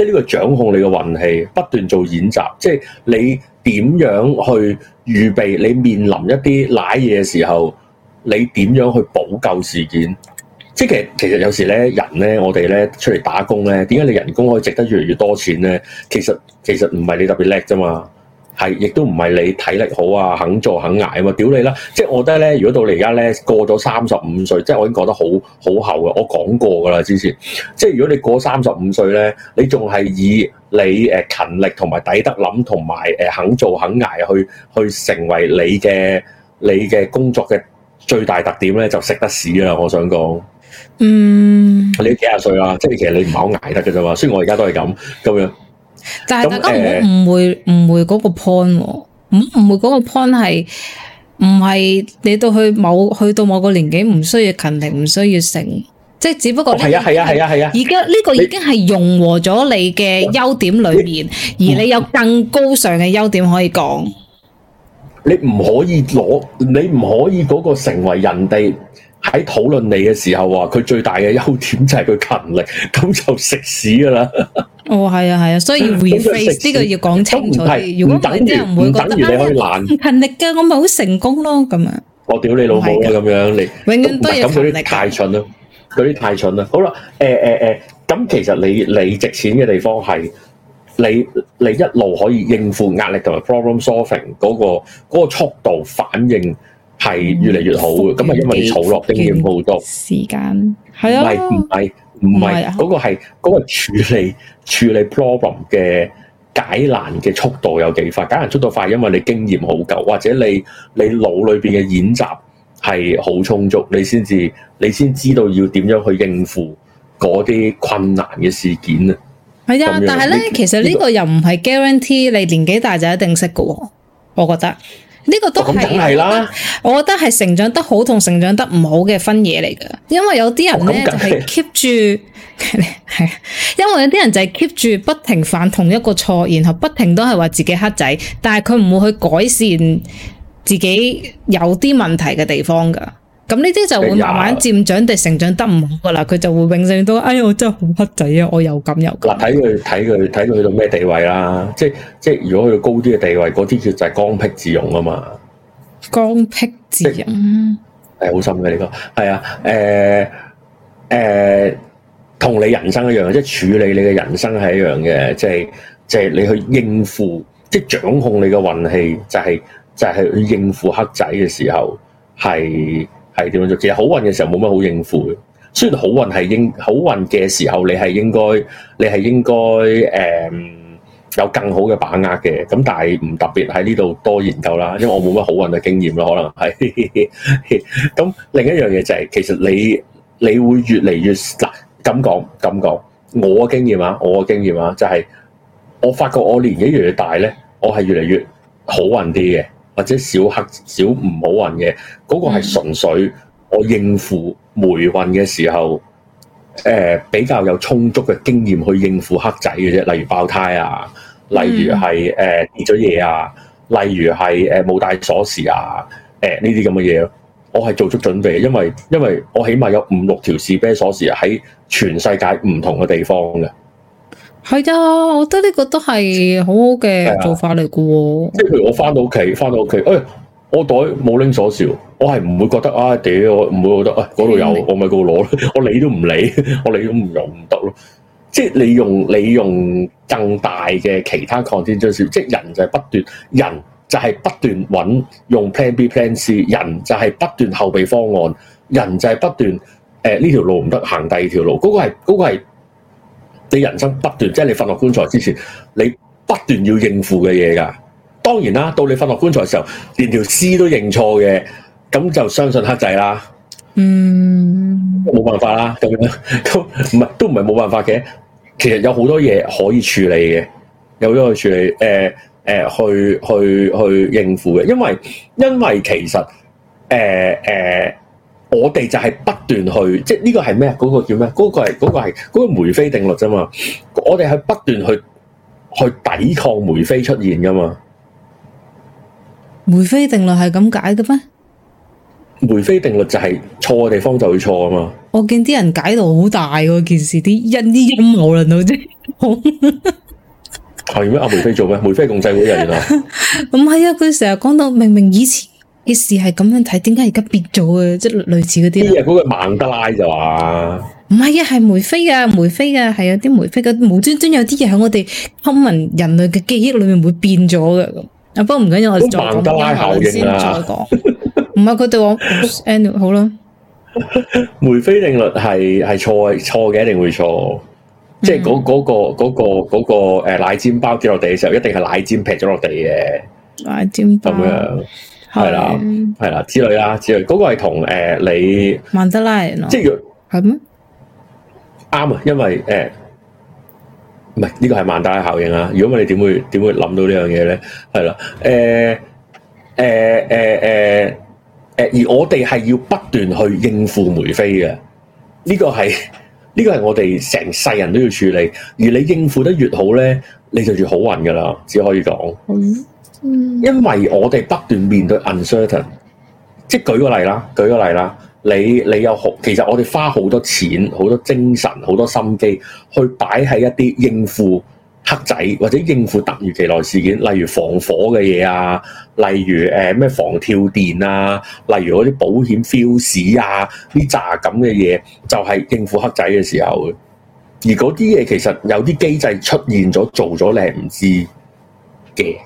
即係呢個掌控你嘅運氣，不斷做演習，即係你點樣去預備，你面臨一啲瀨嘢嘅時候，你點樣去補救事件？即係其實有時咧，人咧，我哋咧出嚟打工咧，點解你人工可以值得越嚟越多錢咧？其實其實唔係你特別叻啫嘛。係，亦都唔係你體力好啊，肯做肯捱啊嘛！屌你啦！即係我覺得咧，如果到你而家咧過咗三十五歲，即係我已經覺得好好後啊！我講過噶啦之前，即係如果你過三十五歲咧，你仲係以你誒勤力同埋抵得諗同埋誒肯做肯捱去去成為你嘅你嘅工作嘅最大特點咧，就食得屎啦！我想講，嗯，你幾廿歲啦？即係其實你唔係好捱得㗎啫嘛。雖然我而家都係咁咁但係大家唔好誤會，誤會嗰個 point，唔誤會嗰個 point 係唔係你到去某去到某個年紀唔需要勤力，唔需要成，即係只不過係啊係啊係啊係啊，而家呢個已經係融和咗你嘅優點裏面，而你有更高尚嘅優點可以講。你唔可以攞，你唔可以嗰個成為人哋。喺討論你嘅時候，話佢最大嘅優點就係佢勤力，咁就食屎噶啦。 哦，係啊，係啊，所以要 rephrase，呢個要講清楚。唔係，如果等啲人唔會覺得你可以懶，唔、哎、勤力噶，我咪好成功咯。咁啊，我屌你老母啦，咁樣你永遠都係咁，嗰啲太蠢啦，嗰啲太蠢啦。好啦，誒誒誒，咁、呃呃、其實你你值錢嘅地方係你你一路可以應付壓力同埋 problem solving 嗰、嗰個、嗰個速度反應。係越嚟越好嘅，咁、嗯、啊，因為你儲落經驗好多時間係啊，唔係唔係嗰個係嗰、嗰個處理處理 problem 嘅解難嘅速度有幾快？解難速度快，因為你經驗好夠，或者你你腦裏邊嘅演習係好充足，你先至你先知道要點樣去應付嗰啲困難嘅事件係啊。係啊，但係咧，其實呢個又唔係 guarantee 你年紀大就一定識嘅，我覺得。呢、這個都係，我覺得係成長得好同成長得唔好嘅分野嚟㗎。因為有啲人呢就係 keep 住係，因為有啲人就係 keep 住不停犯同一個錯，然後不停都係話自己黑仔，但係佢唔會去改善自己有啲問題嘅地方㗎。咁呢啲就會慢慢漸長，地成長得唔好㗎喇，佢就會永世都。哎呀，我真係好黑仔啊！我又咁又咁。嗱，睇佢睇佢睇佢去到咩地位啦。即係即係，如果去到高啲嘅地位，嗰啲叫就係剛愎自用啊嘛。剛愎自用係好深嘅，呢個，係啊，誒誒，同你人生一樣，即係處理你嘅人生係一樣嘅，即係即係你去應付，即係掌控你嘅運氣，就係就係去應付黑仔嘅時候係係點樣做？其實好運嘅時候冇乜好應付嘅。雖然好運係應好運嘅時候你係，你係應該，你係應該，誒，有更好嘅把握嘅。咁但係唔特別喺呢度多研究啦，因為我冇乜好運嘅經驗咯，可能係。咁 另一樣嘢就係、係，其實你你會越嚟越嗱咁講咁講，我嘅經驗啊，我嘅經驗啊、就係，就係我發覺我年紀越來越大咧，我係越嚟越好運啲嘅。或者小黑小唔好運嘅嗰個係純粹我應付霉運嘅時候，呃，誒比較有充足嘅經驗去應付黑仔嘅啫。例如爆胎啊，例如係誒跌咗嘢啊，例如係誒冇帶鎖匙啊，誒呢啲咁嘅嘢，我係做足準備，因為因為我起碼有五六條士啤鎖匙喺全世界唔同嘅地方嘅。係啊，我覺得呢個都係好好嘅做法嚟嘅。即係譬如我翻到屋企，翻到屋企，誒、哎，我袋冇拎鎖匙，我係唔會覺得啊，屌，我唔會覺得，誒、哎，嗰度，哎，有，我咪過去攞咯。我理都唔理，我理都唔用，唔得咯。即係你用，你用更大嘅其他抗天措施。即係人就係不斷，人就係不斷揾用 plan B、plan C。人就係不斷後備方案，人就係不斷，誒、呃，呢條路唔得，行第二條路。嗰、嗰個係，嗰個係。你人生不斷，即係你瞓落棺材之前，你不斷要應付嘅嘢㗎。當然啦，到你瞓落棺材嘅時候，連條屍都認錯嘅，咁就相信黑仔啦。嗯，冇辦法啦，咁樣咁唔係都唔係冇辦法嘅。其實有好多嘢可以處理嘅，有好多去處理，誒、呃、誒、呃，去去去應付嘅。因為因為其實誒誒。呃呃我哋就係不斷去，即係呢個係咩？嗰個叫咩？嗰個係嗰個係嗰個梅菲定律啫嘛！我哋係不斷去去抵抗梅菲出現噶嘛。梅菲定律係咁解嘅咩？梅菲定律就係錯嘅地方就會錯啊嘛！我見啲人解到好大喎，件事啲一啲陰謀論都啫。係咩？阿梅菲做咩？梅菲共濟會嚟咯？咁係啊！佢成日講到明明以前。啲事係咁樣睇，點解而家變咗嘅？即係類似嗰啲。啲係嗰個孟德拉就話，唔係啊，係梅菲啊，梅菲啊，係有啲梅菲嘅無端端有啲嘢喺我哋 human 人類嘅記憶裏面會變咗嘅。啊， 不過唔緊要，我哋再講一下先，再講。唔係佢就講 a n n u a 好啦。梅菲定律係係錯嘅，錯嘅一定會錯。即係嗰嗰個嗰、嗰個、嗰個誒、嗰個呃、奶氈包跌落地嘅時候，一定係奶氈劈咗落地嘅奶氈包咁樣。係啦，係啦，之類啦，之類嗰、那個係同誒你，曼德拉人、啊，即係係啱啊，因為誒，唔係呢個係曼德拉嘅效應啊！如果你點會點會諗到這件事呢樣嘢咧？係啦，誒、呃，誒、呃，誒、呃，誒、呃，誒、呃，而我哋係要不斷去應付梅菲嘅，呢、這個係呢、這個係我哋成世人都要處理。而你應付得越好咧，你就越好運㗎喇，只可以講。嗯，因為我哋不斷面對 uncertain，即係舉個例啦，舉個例啦，你你有好，其實我哋花好多錢、好多精神、好多心機去擺喺一啲應付黑仔或者應付突如其來事件，例如防火嘅嘢啊，例如誒咩、呃、防跳電啊，例如嗰啲保險 fuse 啊，啲炸咁嘅嘢，就係、是、應付黑仔嘅時候的。而嗰啲嘢其實有啲機制出現咗，做咗你唔知。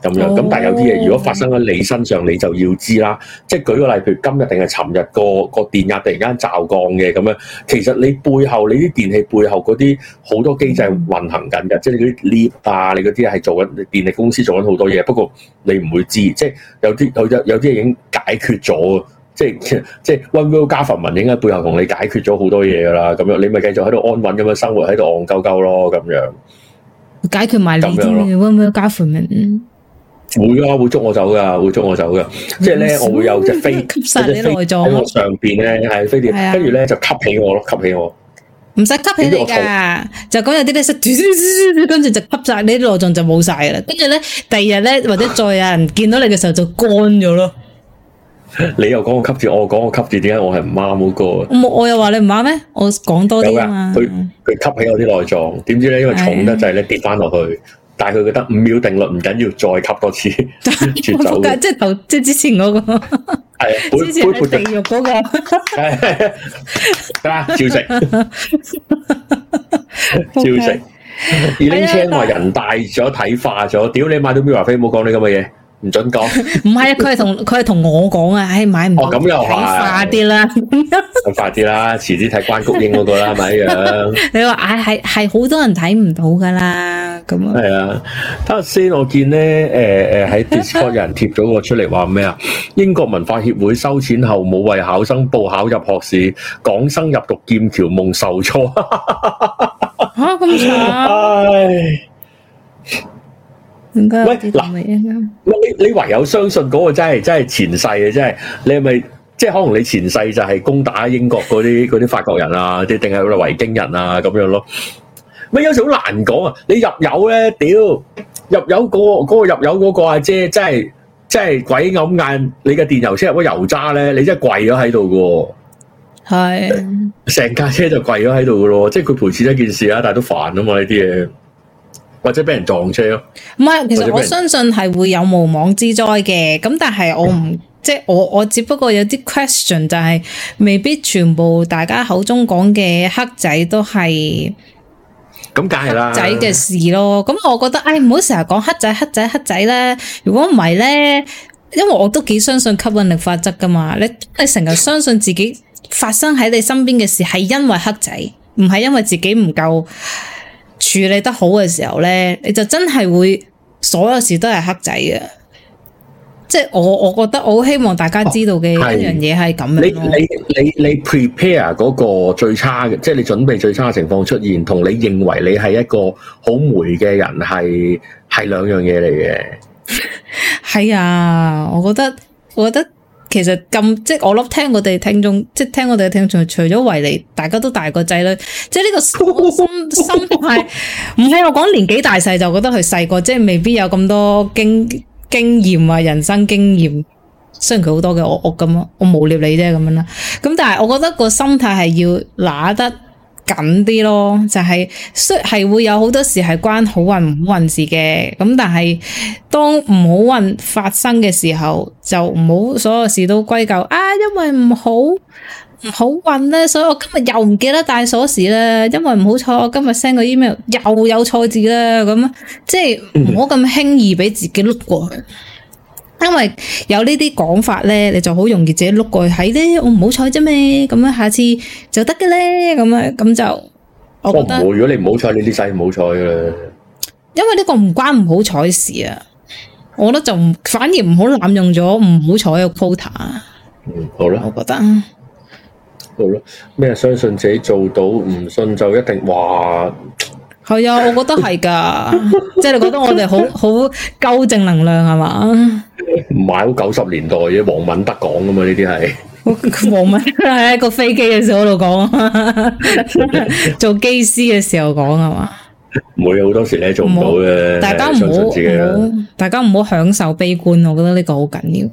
咁咁但有啲嘢，如果發生喺你身上，你就要知啦。即、嗯、係、就是、舉個例，譬如今日定係尋日個個電壓突然間驟降嘅咁樣，其實你背後你啲電器背後嗰啲好多機制運行緊嘅，嗯，即係嗰啲 lift 啊，你嗰啲係做緊電力公司做緊好多嘢，嗯，不過你唔會知。即係有啲有啲已經解決咗，即係即係 o n w o r l 加凡文應該背後同你解決咗好多嘢㗎啦。咁樣你咪繼續喺度安穩咁樣生活喺度戇鳩鳩咯，咁樣。解決埋你添嘅，會唔會加款咩？會啊，會捉我走噶，會捉我走噶。即係咧，我會有隻飛吸晒你內臟喺我上邊咧，係飛碟，跟住咧就吸起我咯，吸起我。唔使吸起你㗎，就講有啲咧，濕，跟住就吸晒你啲內臟就冇晒啦。跟住咧，第二日咧，或者再有人見到你嘅時候就乾咗咯。你又講我吸住，我講我吸住，點解我係唔啱嗰個？我又話你唔啱咩？我講多啲嘛。佢佢吸起我啲內臟，點知咧因為重得滯咧跌翻落去，但係佢覺得五秒定律唔緊要，再吸多次，先至走。哎、即係即係之前嗰、那個，係、哎、背背叛肥肉嗰個，係得啦，照食，照食。而拎車話人大咗睇化咗、哎，屌你買到咩華菲，唔好講啲咁嘅嘢。唔准講 ，唔係啊！佢係同佢係同我講啊！唉，買唔到的，咁、哦、又係，快啲啦， 咁快啲啦，遲啲睇關谷英嗰個啦，係咪 啊？你話唉，係係好多人睇唔到噶啦，咁啊係啊！睇下先我見咧，誒誒喺 Discord 人貼咗個出嚟，話咩啊？英國文化協會收錢後，冇為考生報考入學試，港生入讀劍橋夢受挫。吓 咁、慘、唉！喂嗱，你你唯有相信嗰個真係真係前世啊！真係你係咪即係可能你前世就係攻打英國嗰啲啲法國人啊，即係定係嗰維京人啊咁樣咯？咪有時好難講啊！你入油咧，屌入油、嗰個嗰、嗰個入油嗰個阿姐真係真係鬼咁硬！你嘅電油車入咗油渣咧，你真係跪咗喺度噶，係成架車就跪咗喺度噶咯，即係佢賠錢一件事啊，但係都煩啊嘛呢啲嘢。或者俾人撞車咯，唔係，其實我相信係會有無妄之災嘅。咁但係我唔，即、嗯、係我我只不過有啲 question 就係、是，未必全部大家口中講嘅黑仔都係咁梗係啦，仔嘅事咯。咁我覺得，唉，唔好成日講黑仔黑仔黑仔啦。如果唔係咧，因為我都幾相信吸引力法則噶嘛。你你成日相信自己發生喺你身邊嘅事係因為黑仔，唔係因為自己唔夠處理得好嘅時候呢，你就真係會所有事都係黑仔嘅。即係我我覺得我希望大家知道嘅一樣嘢係咁樣。你你你 prepare 嗰個最差嘅，即係你準備最差嘅情況出現，同你認為你係一個好霉嘅人係係兩樣嘢嚟嘅。係 啊，我覺得我覺得。其實咁即係我諗，聽我哋聽眾，即係聽我哋嘅聽眾，除咗維尼，大家都大個仔女，即係呢個心心態。唔 係我講年紀大細就覺得佢細個，即係未必有咁多經經驗啊，人生經驗，雖然佢好多嘅，我我咁咯，我冇理你啫咁樣啦。咁但係我覺得個心態係要拿得緊啲咯，就係雖係會有好多時係關好運唔好運事嘅，咁但係當唔好運發生嘅時候，就唔好所有事都歸咎啊，因為唔好唔好運啦，所以我今日又唔記得帶鎖匙啦，因為唔好彩我今日 send 個 email 又有錯字啦，咁即係唔好咁輕易俾自己碌過去。因為有呢啲講法咧，你就好容易自己碌過去睇咧、哎。我唔好彩啫咩？咁啊，下次就得嘅咧。咁啊，咁就我覺得，哦、唔會，如果你唔好彩，呢啲真唔好彩嘅。因為呢個唔關唔好彩事啊，我覺得就反而唔好濫用咗唔好彩嘅 quota。嗯，好啦，我覺得好啦。咩？相信自己做到，唔信就一定哇！係 啊，我覺得係噶， 即係你覺得我哋 好 好夠正能量係嘛？唔係好九十年代嘅王敏德講噶嘛？呢啲係王敏德喺一個飛機嘅時候度講， 做機師嘅時候講，係嘛？唔會好多時你做唔到嘅。大家唔好，大家唔好享受悲觀，我覺得呢個好緊要。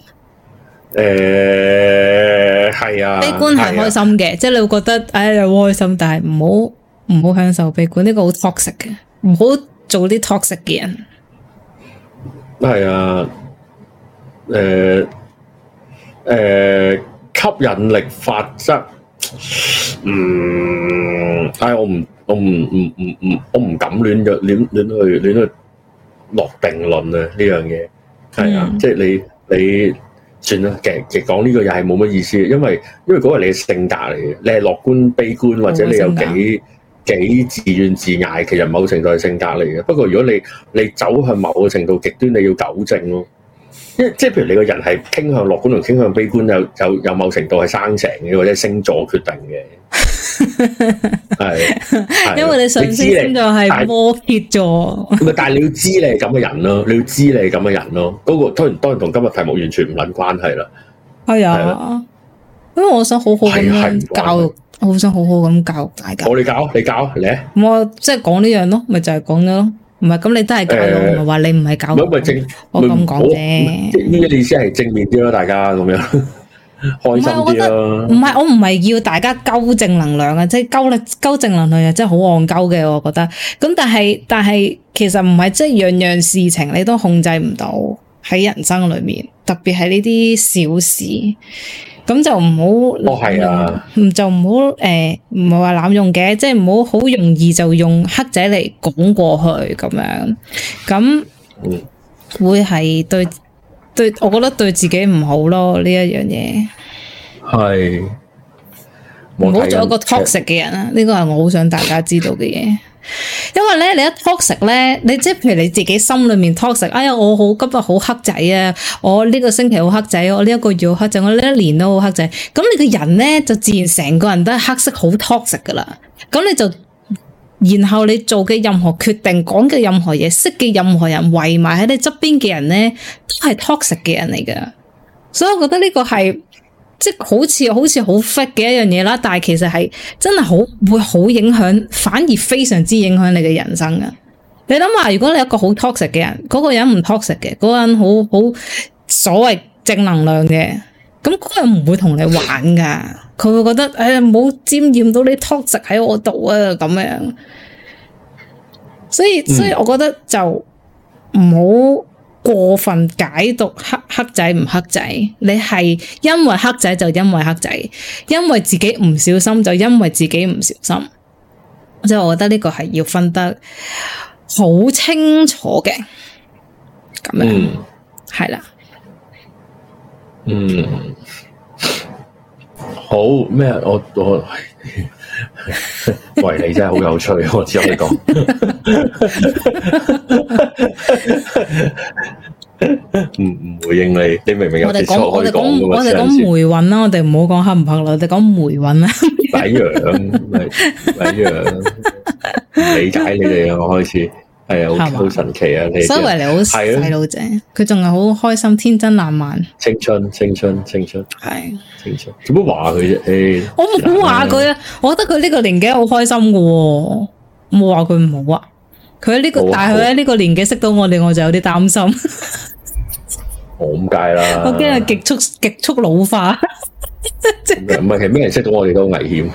誒、欸，係啊，悲觀係開心嘅、啊，即係你會覺得唉又、哎、開心，但係唔好。唔好享受悲觀，呢個好 toxic 嘅，唔好做啲 toxic 嘅人。係啊，誒、呃、誒、呃、吸引力法則，嗯，唉、哎，我唔我唔唔唔唔，我唔敢亂咗去亂去落定論啊！呢樣嘢係啊，嗯、即係你你算啦，其實講呢個又係冇乜意思，因為因為嗰個你性格嚟嘅，你係樂觀悲觀有有，或者你有幾幾自怨自艾，其實某程度係性格嚟嘅。不過如果你你走向某個程度極端，你要糾正咯。因即係譬如你個人係傾向樂觀同傾向悲觀，有有有某程度係生成嘅，或者星座決定嘅。係， 因為你順天就係摩羯座，係摩羯座 。唔但係 你要知道你係咁嘅人咯，你要知道你係咁嘅人咯。嗰個當然當然同今日題目完全唔捻關係啦。係、哎、啊，因為我想好好咁教育、啊。我好想好好咁教大家。我你教，你教嚟。我即係講呢樣咯，咪就係講咗咯。唔係咁，你都係教育，咪話你唔係教。唔咪正，我咁講啫。呢個意思係正面啲咯，大家咁樣開心啲咯。唔係我唔係要大家谷正能量啊，即係谷正能量啊真係好戇鳩嘅，我覺得。咁、就是，但係但係其實唔係即係樣樣事情你都控制唔到喺人生裏面，特別係呢啲小事。咁就唔好，唔、哦啊、就唔好誒，唔係話濫用嘅，即係唔好好容易就用黑仔嚟拱過去咁樣，咁會係對對，我覺得對自己唔好咯呢一樣嘢。係。唔好做一個 toxic 嘅人啦，呢個係我好想大家知道嘅嘢。因為咧，你一 toxic 咧，你即係譬如你自己心裏面 toxic，哎呀，我好今日好黑仔啊，我呢個星期好黑仔，我呢一個月好黑仔，我呢一年都好黑仔。咁你個人咧就自然成個人都係黑色好 toxic 噶啦。咁你就然後你做嘅任何決定、講嘅任何嘢、識嘅任何人、圍埋喺你側邊嘅人咧，都係 toxic 嘅人嚟噶。所以我覺得呢個係。即係好似好似好 fit 嘅一樣嘢啦，但係其實係真係好會好影響，反而非常之影響你嘅人生噶。你諗下，如果你一個好 toxic 嘅人，嗰個人唔 toxic 嘅，嗰個人好好所謂正能量嘅，咁嗰個人唔會同你玩噶，佢會覺得誒冇、 哎、沾染到啲 toxic 喺我度啊咁樣。所以所以我覺得就唔好。過分解讀黑黑仔唔黑仔，你係因為黑仔就因為黑仔，因為自己唔小心就因為自己唔小心，即係我覺得呢個係要分得好清楚嘅。咁樣係啦、嗯，嗯，好咩？我我，喂 你真係好有趣， 我聽你講。 唔 唔回應你，你明明有線索可以講嘅嘛，我哋講霉運啦，我哋唔好講黑唔黑啦，我哋講霉運啦、啊，抵、啊、 樣，抵樣，理解你哋啊，我開始係啊，好、哎、神奇啊，你以為你好係啊，係老佢仲係好開心、天真、浪漫、青春、青春、青春，係青春，做乜話佢啫？誒、哎，我冇話佢，我覺得佢呢個年紀好開心嘅，冇話佢唔好啊。佢喺呢個，但係佢喺呢個年紀識到我哋，我就有啲擔心。咁戒啦，我驚佢極速極速老化。唔係唔係，係咩人識到我哋都危險？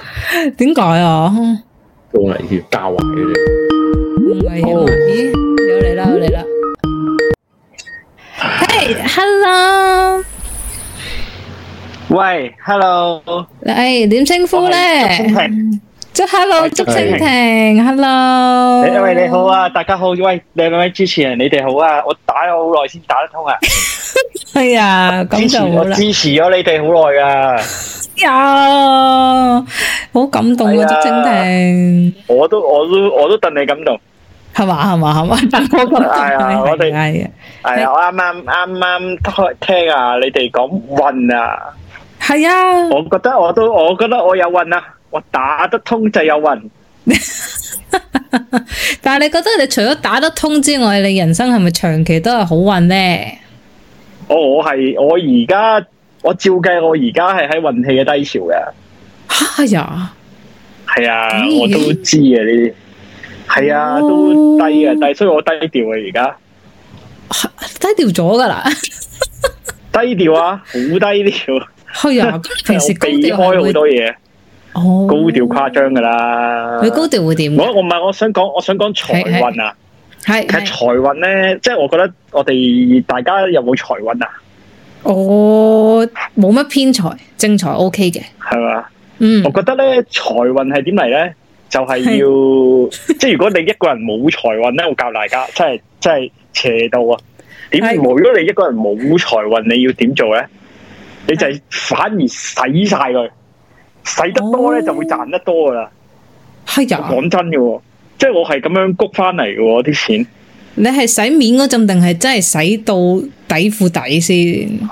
點解啊？都危險，教壞嘅啫。危險有嚟啦有嚟啦！嘿，hello，喂，hello，誒，點稱呼咧？祝 Hello，祝清婷 Hello，喂你好啊，大家好。喂，兩位主持人你哋好啊，我打咗好耐先打得通啊。係啊，支持我支持咗你哋好耐噶，有好感動啊，祝清婷，我都我都我都戥你感動。係嘛係嘛係嘛，我覺得係啊，我哋係啊，我啱啱啱啱開聽啊，你哋講運啊，係啊，我覺得我都我覺得我有運啊。我打得通就有運， 但係你覺得你除咗打得通之外，你人生係咪長期都係好運呢？哦，我係我而家我照計，我而家係喺運氣嘅低潮嘅。吓、哎、呀！係啊、哎，我都知你啊，呢啲係啊，都低啊，但係所以我低調 啊，而家低調咗噶啦，低調啊，好低調。係啊，平時 避開好多嘢。高調誇張噶啦，佢、哦、高調會點？我我唔係我想講，我想講財運啊。係，其實財運咧，即係、就是、我覺得我哋大家有冇財運啊？我冇乜偏財，正財 O K 嘅，係嘛？嗯，我覺得咧財運係點嚟咧，就係、是、要是即係如果你一個人冇財運咧，我教大家，即係邪道啊！點？如果你一個人冇財運，你要點做咧？你就係反而使晒佢。洗得多咧就會賺得多噶啦。係、哦、啊，講真嘅，即係我係咁樣谷翻嚟嘅，啲錢。你係洗面嗰陣，定係真係洗到底褲底先？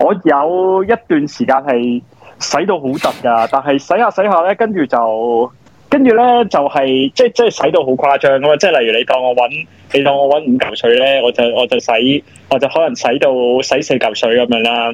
我有一段時間係洗到好突噶，但係洗一下洗一下咧，跟住就跟住咧就係即係即係洗到好誇張噶嘛。即係例如你當我搵，你當我搵五嚿水咧，我就我就洗，我就可能洗到洗四嚿水咁樣啦。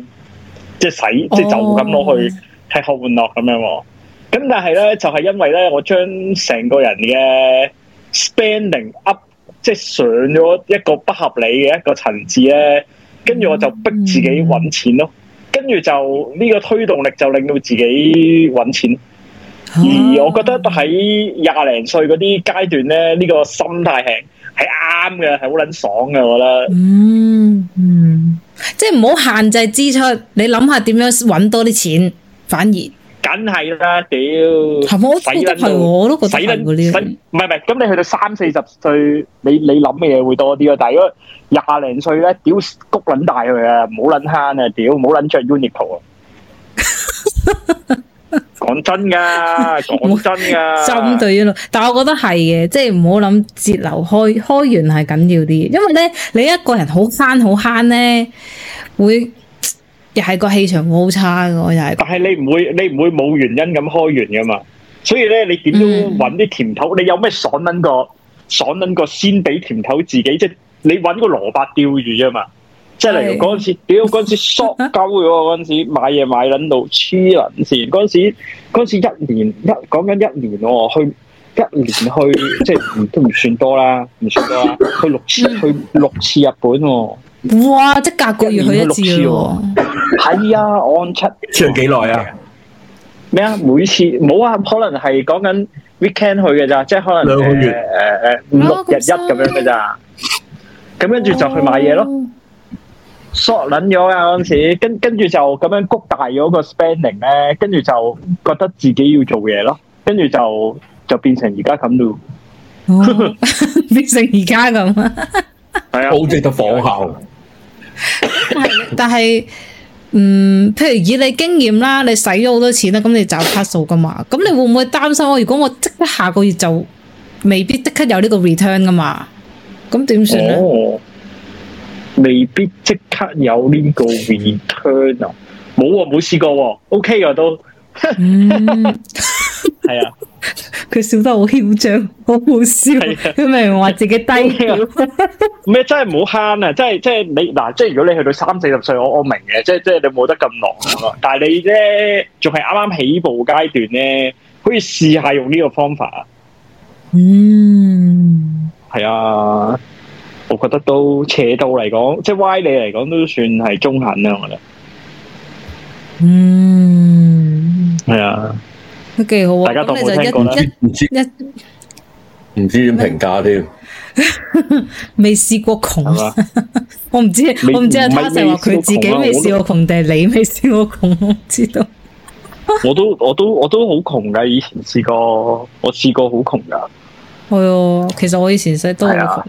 即係洗即係就咁攞去。哦係好玩樂咁樣，咁但係咧就係、是、因為咧，我將成個人嘅 spending up，即係上咗一個不合理嘅一個層次咧，跟住我就逼自己搵錢咯，跟、嗯、住就呢、呢個推動力就令到自己搵錢、啊。而我覺得喺廿零歲嗰啲階段咧，呢、呢個心態係係啱嘅，係好捻爽嘅，我覺得。嗯嗯，即係唔好限制支出，你諗下點樣搵多啲錢。反而，梗係啦，屌，我緊都覺得，使緊嗰啲，唔係唔係，咁你去到三四十歲，你你諗嘅嘢會多啲啊！但係如果廿零歲咧，屌，谷捻大佢啊，唔好撚慳啊，屌，唔好撚着 Uniqlo 啊！講真噶，講真噶，針對咯，但係我覺得係嘅，即係唔好諗節流開開源係緊要啲，因為咧你一個人好慳好慳咧會。又係個氣場好差噶，我又係。但係你唔會，你唔會冇原因咁開完噶嘛？所以咧，你點都揾啲甜頭。嗯、你有咩爽捻個，爽捻個先俾甜頭自己？即係你揾個蘿蔔釣魚啫嘛？即係例如嗰陣時，屌嗰陣時縮鳩咗，嗰陣時買嘢買捻到黐捻線。嗰陣時，嗰陣時一年一講緊一年我去。一年去即係都唔算多啦，唔算多啦，去六次去六次日本喎、啊。哇！即係隔個月去,一年去六次喎。係啊，哎、我按七。住幾耐啊？咩啊？每次冇啊？可能係講緊 weekend 去嘅咋，即係可能兩個月誒誒五六日一咁樣嘅咋。咁跟住就去買嘢咯，縮撚咗啊！嗰陣時跟跟住就咁樣谷大咗個 spending 咧，跟住就覺得自己要做嘢咯，跟住就。就變成而家咁咯，變成而家咁啊，係啊，好值得仿效。但係，嗯，譬如以你經驗啦，你使咗好多錢啦，咁你就找卡數噶嘛？咁你會唔會擔心我？我如果我即刻下個月就未必即刻有呢個 return 噶嘛？咁點算咧？未必即刻有呢個 return 啊？冇啊，冇試過啊？OK 啊，都、嗯。 係啊，佢笑得好囂張，好好笑。佢、啊、明明話自己低調，咩真係唔好慳啊！即係即係你嗱，即係如果你去到三四十歲，我我明嘅，即係即係你冇得咁狼啊。但係你啫，仲係啱啱起步階段咧，可以試下用呢個方法啊。嗯，係啊，我覺得都斜到嚟講，即係歪理嚟講，都算係中肯啦。我覺得，嗯，係啊。都幾好啊！大家當冇聽過，咁你就一唔知一唔知點評價添，未試過窮啊！我唔知，我唔知阿成話佢自己未試過窮定係你未試過窮，知道？我都我， 我都我都好窮噶，以前試過，我試過好窮噶。係 啊，其實我以前細都係窮，啊，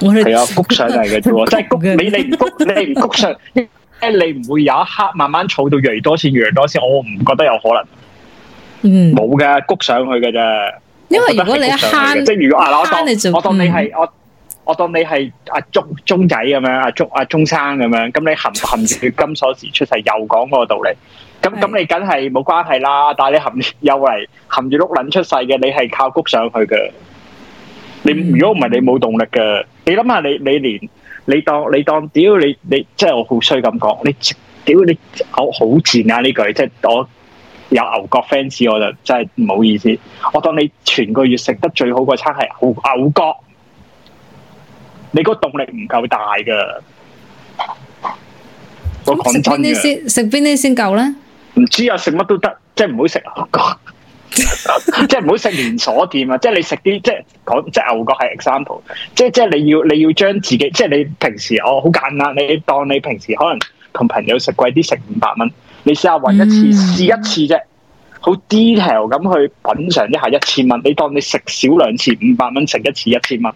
我係啊，我啊谷上嚟嘅啫，即 係、就是、 谷，你唔谷， 你唔谷上，誒， 你唔會有一刻慢慢儲到越多錢越多錢，我唔覺得有可能。 冇嘅，谷上去嘅啫。因為如果你一慳，即係如果啊，我當我當你係我，我當你係阿鐘鐘仔咁樣，阿鐘阿鐘生咁樣，咁你含含住金鎖匙出世，又講嗰個道理。咁咁你梗係冇關係啦。但係你含住優嚟，含住碌撚出世嘅，你係靠谷上去嘅。你如果唔係你冇動力嘅，你諗下你你連你當你當屌你你，即係我好衰咁講，你屌你我好賤啊！呢句即係我。有牛角 fans，我就真係唔好意思。我當你全個月食得最好個餐係牛牛角，你個動力唔夠大噶。我講啲先，食邊啲先夠咧？唔知道啊，食乜都得，即係唔好食牛角， 即係唔好食連鎖店啊！即係你食啲即係講即係牛角係 example。即係即係你要你要將自己即係你平時我好、哦、簡單，你當你平時可能同朋友食貴啲，食五百蚊。你試下搵一次、嗯，試一次啫，好 detail 咁去品嘗一下一千蚊。你當你食少兩次五百蚊，食一次一千蚊，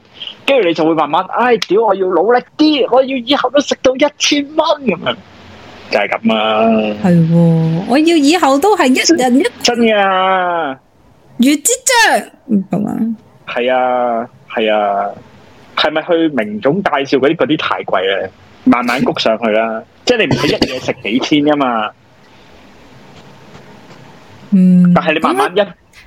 跟住你就會慢慢，唉、哎、屌，我要努力啲，我要以後都食到一千蚊咁樣，就係、是、咁啊！係、哦，我要以後都係一人一真的啊。月之章，同啊，係啊，係啊，係咪去名種介紹嗰啲？嗰啲太貴啦，慢慢谷上去啊。 即係你唔係一嘢食幾千噶嘛。嗯，但係你慢慢一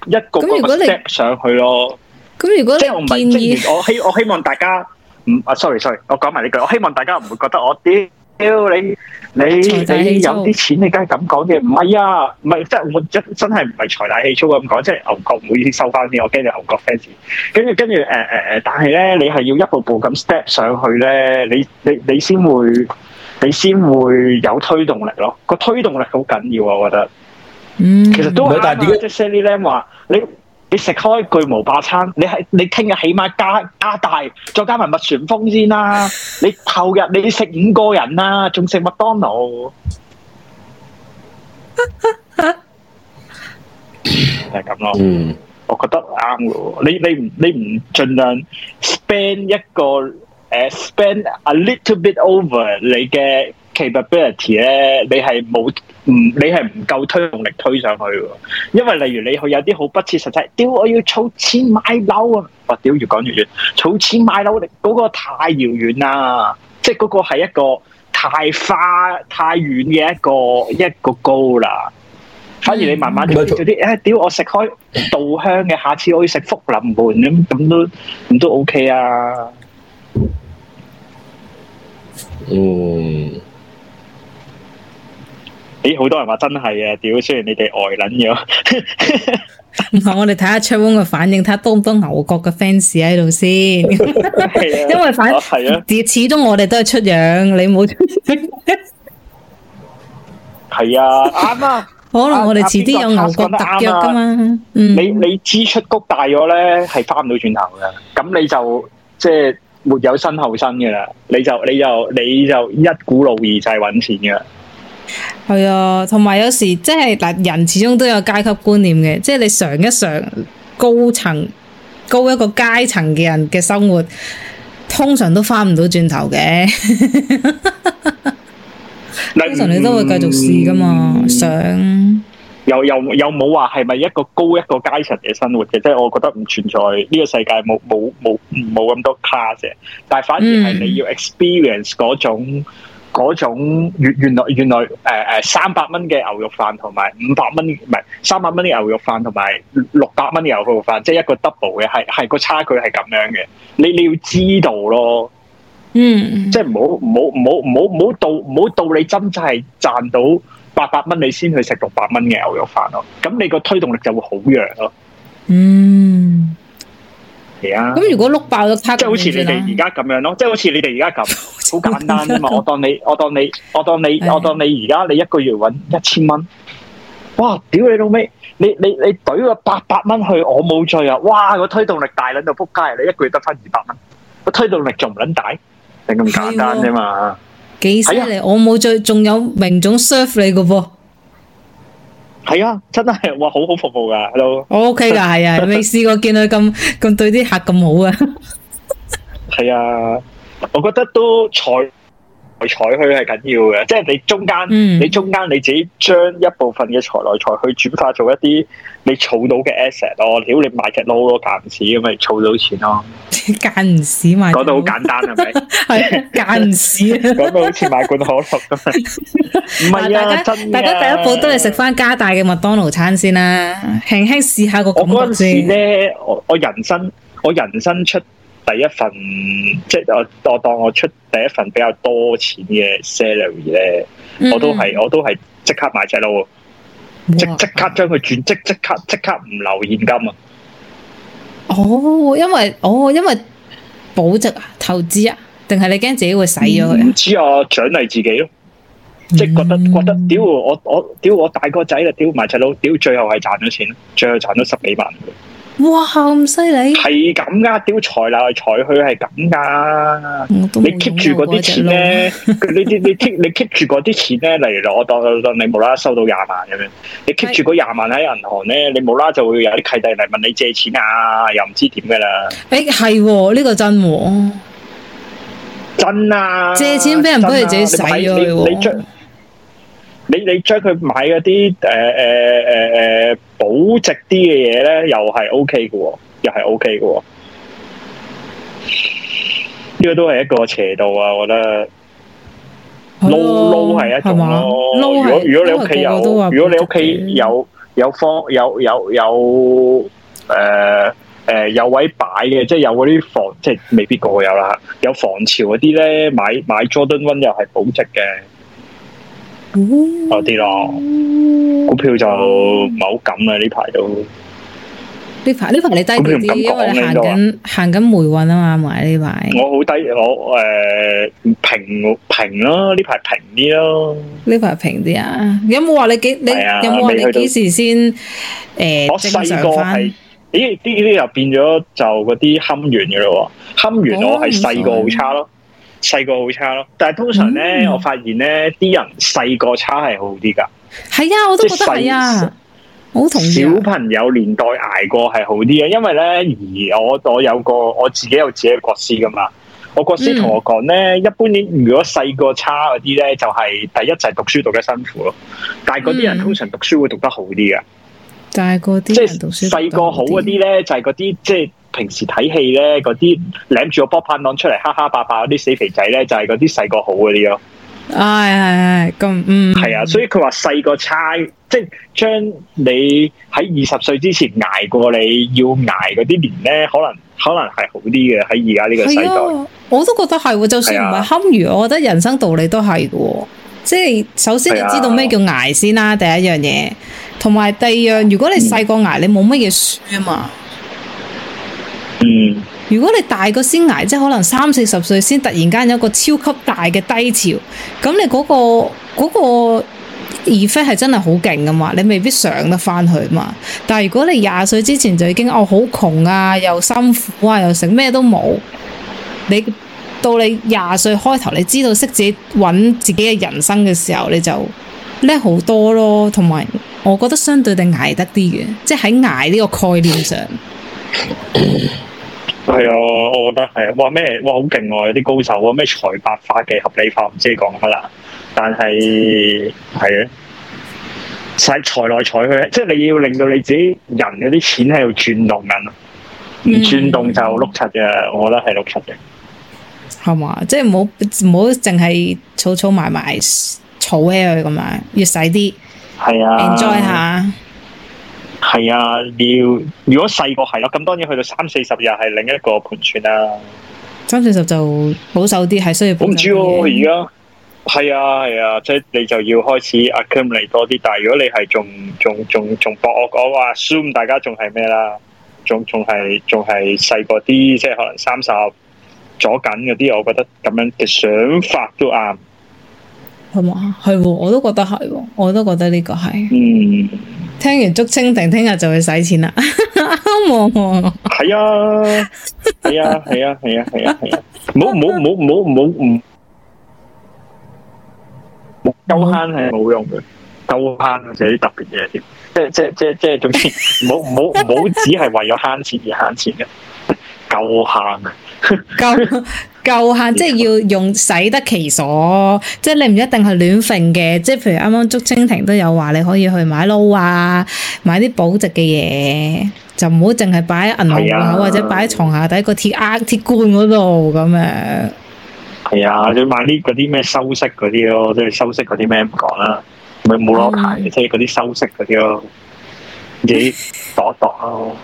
一個個 step 上去咯。咁如果建議我希我希望大家唔，啊 sorry sorry，我講埋呢句，我希望大家唔會覺得我屌你你你有啲錢，你梗係咁講嘅，唔係啊，唔係即係我真真係唔係財大氣粗咁講，即係牛角唔好意思收翻啲，我驚你牛角 fans。跟住跟住誒誒誒，但係咧你係要一步步咁 step 上去咧，你你你先會你先會有推動力咯，個推動力好緊要啊，我覺得。其實都係，但係點解即係 Sally 咧，話你你食開巨無霸餐，你係你聽日起碼加加大，再加埋麥旋風先啦。你後日，你食五個人啦，仲食麥當勞，係咁咯。嗯，我覺得啱嘅。你你唔你唔盡量 spend 一個誒 spend a little bit over 你嘅 capability 咧，你係冇。唔，你係唔夠推動力推上去喎。因為例如你去有啲好不切實際，屌我要儲錢買樓啊！哇，屌越講越遠，儲錢買樓力嗰個太遙遠啦，即係嗰個係一個太花、太遠嘅一個一個 goal 啦。反而你慢慢做啲、嗯，哎，屌我食開稻香嘅，下次我要食福臨門咁，咁都咁都 OK 啊。嗯。好多人話真係啊！屌，雖然你哋呆卵樣 哦，我我哋睇下出 h 嘅反應，睇下多唔多牛角嘅 fans 喺度先。因為反係、哦、啊，始始終我哋都係出樣，你冇出係 啊，啱啊。 可能我哋遲啲有牛國牛角答啊嘛。 嗯，你你支出谷大咗咧，係翻唔到轉頭噶。咁你就即係、就是、沒有身後身噶啦，你就你就你就，你就一股老二就係搵錢噶。係啊，同埋有，有時即係嗱，人始終都有階級觀念嘅，即係你上一上高層高一個階層嘅人嘅生活，通常都翻唔到轉頭嘅，嗯。通常你都會繼續試噶嘛，想又又又冇話係咪一個高一個階層嘅生活嘅，即、嗯、係我覺得唔存在呢，這個世界冇冇冇冇咁多 class 但係反而係你要 experience 嗰種。嗰種原原來原來誒誒、呃、三百蚊嘅牛肉飯同埋五百蚊唔係三百蚊嘅牛肉飯同埋六百蚊嘅牛肉飯，即係一個 double 嘅係係個差距係咁樣嘅。你你要知道咯，嗯即，即係唔好唔好唔好唔好唔好到唔好到你真真係賺到八百蚊，你先去食六百蚊嘅牛肉飯咯。咁你個推動力就會好弱咯，嗯。咁、嗯、如果碌爆個卡，即係好似你哋而家咁樣咯，即 係好似你哋而家咁，好簡單啫嘛。我當你，我當你，我當你，我當你而家你，你一個月搵一千蚊，哇！屌你老尾，你你你懟個八百蚊去，我冇罪啊！哇，個推動力大撚到仆街，你一個月得翻二百蚊，個推動力仲撚大，係咁簡單啫嘛？幾犀利！我冇罪，仲有明總 serve 你噶噃。係啊，真係哇，好好服務噶。Hello，我 OK 噶，係啊，未試過見佢咁咁對啲客咁好啊。係 啊，我覺得都彩。來財去係緊要嘅，即係你中間，嗯，你中間你自己將一部分嘅財來財去轉化做一啲你儲到嘅 asset 咯。屌你買隻樓咯，夾唔死咁咪儲到錢咯。夾唔死買，講得， 得好簡單係咪？係夾唔死，講到好似買罐可樂咁。唔 係啊，啊，大家第一步都係食翻加大嘅麥當勞餐先啦，啊，輕輕試下個感覺先，我嗰陣時咧，我呢我人生我人生出。第一份即係我，我當我出第一份比較多錢嘅 salary 咧，我都係、嗯、我都係即刻買隻勞，即即刻將佢轉，即即刻即刻唔留現金啊！哦，因為哦因為保值投資啊，定係你驚自己會使咗佢？唔知啊，獎勵自己咯，即係覺得、嗯、覺得屌我我屌我大個仔啦，屌埋隻勞，屌最後係賺咗錢，最後賺咗十幾萬。哇，咁犀利！係咁噶。丟財去財去係咁噶。你 keep the 住嗰啲錢咧，你你你 keep 你 keep 住嗰啲錢咧嚟攞，當當當，你冇啦收到廿萬咁樣。你 keep 住嗰廿萬喺銀行咧，你冇啦就會有啲契弟嚟問你借錢啊，又唔知點噶啦。誒，係呢個真真啊！借錢俾人，不如自己使佢，欸。你你你你你將佢買嗰啲誒誒誒誒保值啲嘅嘢咧，又係 O K 嘅，又係 O K 嘅。呢、這個都係一個斜度啊！我覺得、oh, no, low 係一種咯。撈、no、如果如果，如果你屋企有，如果，個個如果你屋企有有有有有誒誒有、呃呃、有位擺嘅，即係有嗰啲房，即係未必個個有啦。有防潮嗰啲咧，買買 Jordan One 又係保值嘅。嗰啲咯，股票就唔係好敢啦呢排都。呢排呢排你低啲，因為你行緊行緊霉運啊嘛，埋呢排。我好低，我誒平平咯，呢排平啲咯。呢排平啲啊。有冇話你幾？你有冇話你幾時先？誒，我細個係，咦？呢啲又變咗就嗰啲冚完噶咯，冚完我係細個好差咯。細個好差咯，但係通常咧、嗯，我發現咧，啲人細個差係好啲噶。係啊，我都覺得係啊，就是、小我啊小朋友年代捱過係好啲啊，因為咧，而我我有個我自己有自己嘅國師噶嘛，我國師同我講咧、嗯，一般如果細個差嗰啲咧，就係、是、第一就係讀書讀得辛苦咯，但係嗰啲人通常讀書會讀得好啲噶。大個啲即係細個好嗰啲咧，就係嗰啲即係。就是平時睇戲咧，嗰啲攬住個波板出嚟，哈哈霸霸嗰啲死肥仔咧，就係嗰啲細個好嗰啲咯。唉、哎，係係咁，嗯，係啊，所以佢話細個猜，即係將你喺二十歲之前挨過你要挨嗰啲年咧，可能可能係好啲嘅。喺而家呢個係啊，我都覺得係喎。就算唔係堪輿，我覺得人生道理都係嘅。即係首先你知道咩叫挨先啦，第一樣嘢，同埋第二樣，如果你細個挨，你冇乜嘢輸啊嘛。如果你大個先挨，即係可能三四十歲先突然間有個超級大嘅低潮，咁你嗰、個嗰、個而 fit 係真係好勁噶嘛，你未必上得翻去嘛。但係如果你廿歲之前就已經哦好窮啊，又辛苦啊，又食咩都冇，你到你廿歲開頭，你知道識自己搵自己嘅人生嘅時候，你就叻好多咯，同埋我覺得相對地挨得啲嘅，即係喺挨呢個概念上。 係啊，我覺得係。話咩？哇，好勁哦！有啲高手啊，咩財白化嘅合理化，唔知你講乜啦。但係，係啊，使財來財去，即係你要令到你自己人有啲錢喺度轉動緊，唔轉動就碌柒嘅。我覺得係碌柒嘅。係嘛？即係唔好唔好淨係儲儲埋埋儲起去咁樣，要使啲。係啊，enjoy 下。係啊，要如果細個係咯，咁、啊、當然去到三四十日係另一個盤算啦、啊。三四十就保守啲，係需要保守啲嘅。咁主要而家係啊係啊，啊，啊，即係你就要開始 accumulate 多啲。但係如果你係仲仲仲仲博，我我 assume 大家仲係咩啦？仲仲係仲係細個啲，即係可能三十咗緊嗰啲，我覺得咁樣嘅想法都啱。係係，我都覺得係，我都覺得呢個係。嗯，聽完捉蜻蜓，聽日就去使錢啦。冇 啊，係啊，係啊，係啊，係啊，係啊，唔好唔好唔好唔好唔好唔，夠慳係冇用嘅，夠慳就啲特別嘢添？即即即即總之，唔好唔好唔好只係為咗慳錢而慳錢嘅，夠慳啊！夠夠下，即係要用，使得其所。即係你唔一定係亂揈嘅，即係譬如啱啱捉蜻蜓都有話，你可以去買撈啊，買啲保值嘅嘢，就唔好淨係擺喺銀行戶口或者擺喺床下底個鐵盒、鐵罐嗰度咁樣。係啊，你買啲嗰啲咩收息嗰啲咯，即係收息嗰啲咩唔講啦，咪冇攞牌，即係嗰啲收息嗰啲咯，幾躲躲咯，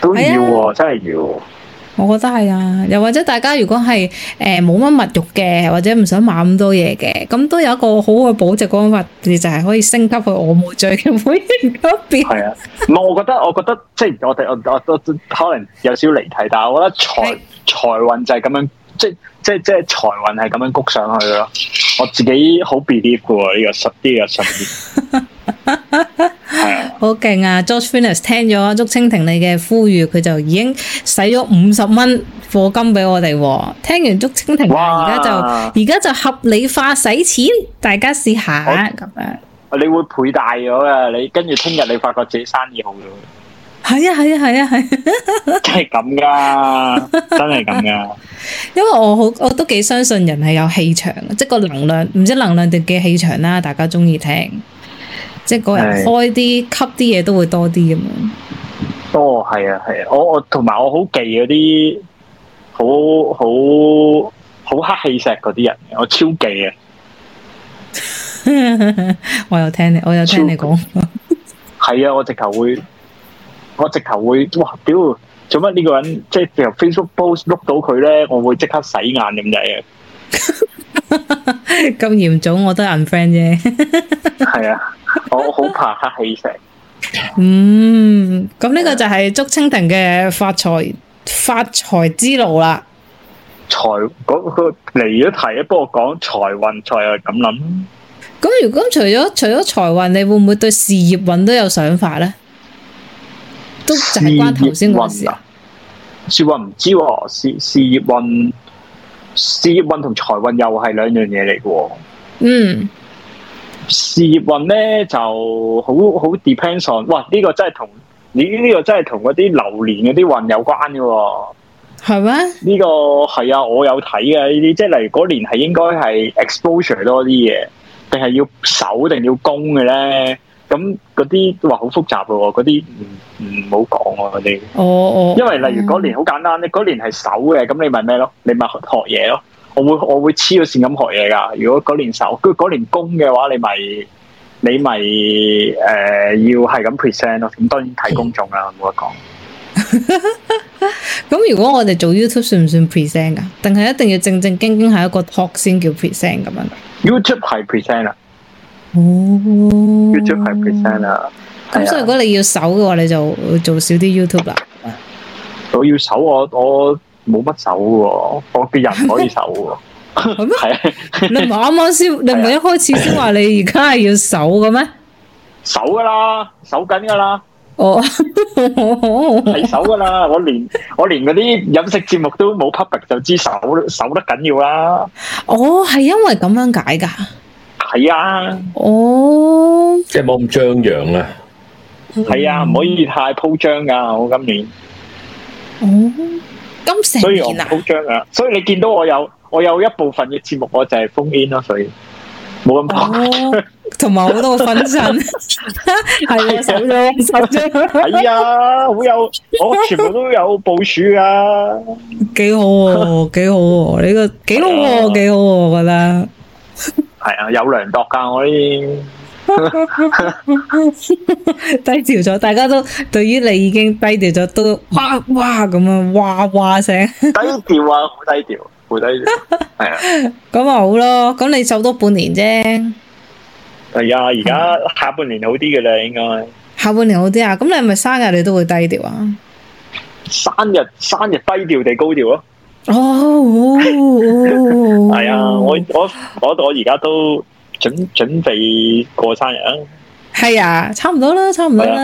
都要喎、啊啊，真係要。我覺得係啊，又或者大家如果係誒冇乜物慾嘅，或者唔想買咁多嘢嘅，咁都有一個好嘅保值方法，你就係、是、可以升級去我冇罪嘅會員嗰邊。係啊，唔、嗯、係我覺得，我覺得即係我哋我我我可能有少少離題，但係我覺得財財運就係咁樣，即即即財運係咁樣谷上去咯。我自己好 believe 嘅喎呢個十啲嘅十啲。 好勁啊！Josh Finn 聽咗竹蜻蜓你嘅呼籲，佢就已經使咗五十蚊課金俾我哋。聽完竹蜻蜓，而家就而家就合理化使錢，大家試下咁樣。你會賠大咗啊！你跟住聽日你發覺自己生意好咗，係啊係啊係啊係，真係咁噶，真係咁噶。因為我好我都幾相信人係有氣場，即係個能量，唔知能量定嘅氣場啦，大家中意聽。即係個人開啲吸啲嘢都會多啲咁樣，哦，係啊係啊，我我同埋我好忌嗰啲好好好黑氣石嗰啲人，我超忌啊！ 我有聽你，我有聽你講，係啊，我直頭會，我直頭會，哇屌！做乜呢個人即係由 Facebook post 碌到佢咧，我會即刻洗眼咁滯啊。咁 嚴重我都係 friend 啫，係 啊，我好怕黑氣石。嗯，咁呢個就係捉蜻蜓嘅發財發財之路啦。財嗰個離咗題，不過講財運，財係咁諗。咁如果除咗除咗財運，你會唔會對事業運都有想法咧？都就係關頭先嗰事啊？事業運唔知喎、啊，事事業運。事業運同財運又係兩樣嘢嚟嘅喎。嗯，事業運咧就好好 depends on。哇，呢個真係同你呢個真係同嗰啲流年嗰啲運有關嘅喎。係咩？呢個係啊，我有睇嘅呢啲。即係例如嗰年係應該係 exposure 多啲嘅，定係要守定要攻嘅咧？咁嗰啲話好複雜嘅喎，嗰啲唔唔好講啊，嗰啲。哦。因為例如嗰年好簡單，你嗰年係手嘅，咁你咪咩咯？你咪學嘢咯。我會我會黐咗線咁學嘢噶。如果嗰年手，跟嗰年攻嘅話，你咪你咪誒、呃、要係咁 present 咯。咁當然睇公眾啦，冇得講。咁 如果我哋做 YouTube 算唔算 present 啊？定係一定要正正經經係一個 talk 先叫 present 咁樣？YouTube 係 present 啊。YouTube 係 percent 啊，咁所以如果你要搜嘅話，你就做少啲 YouTube 啦。我要搜，我我冇乜搜喎，我嘅人可以搜喎。係 啊 是嗎， 你唔係啱啱先， 你唔係一開始先話你而家係要搜嘅咩？搜噶啦，搜緊噶啦。哦，係 搜噶啦，我連我連嗰啲飲食節目都冇 public 就知搜搜得緊要啦。哦，係因為咁樣解噶。係啊，哦，即係冇咁張揚啊。係、嗯、啊，唔可以太鋪張噶。我今年，哦、嗯，咁成年啊，鋪張啊。所以，所以你見到我有我有一部分嘅節目，我就係 phone in 啦。所以冇咁同埋好多粉塵，係少粉塵。係 是啊， 啊，好有 我全部都有部署啊。幾好、啊，幾好、啊，你、這個幾好、啊，幾、啊、好、啊，我覺得。係啊，有量度噶我呢， 低調咗，大家都對於你已經低調咗，都哇哇咁啊，哇哇聲低調啊，好低調，好低調，係啊，咁啊好咯，咁你做多，多半年啫，係、哎、啊，而家下半年好啲嘅咧，應該下半年好啲啊，咁你係咪生日你都會低調啊？生日生日低調定高調咯、啊？哦，係、哦、 啊！我我我我而家都準準備過生日啊！係啊，差唔多啦、啊，差唔多啦。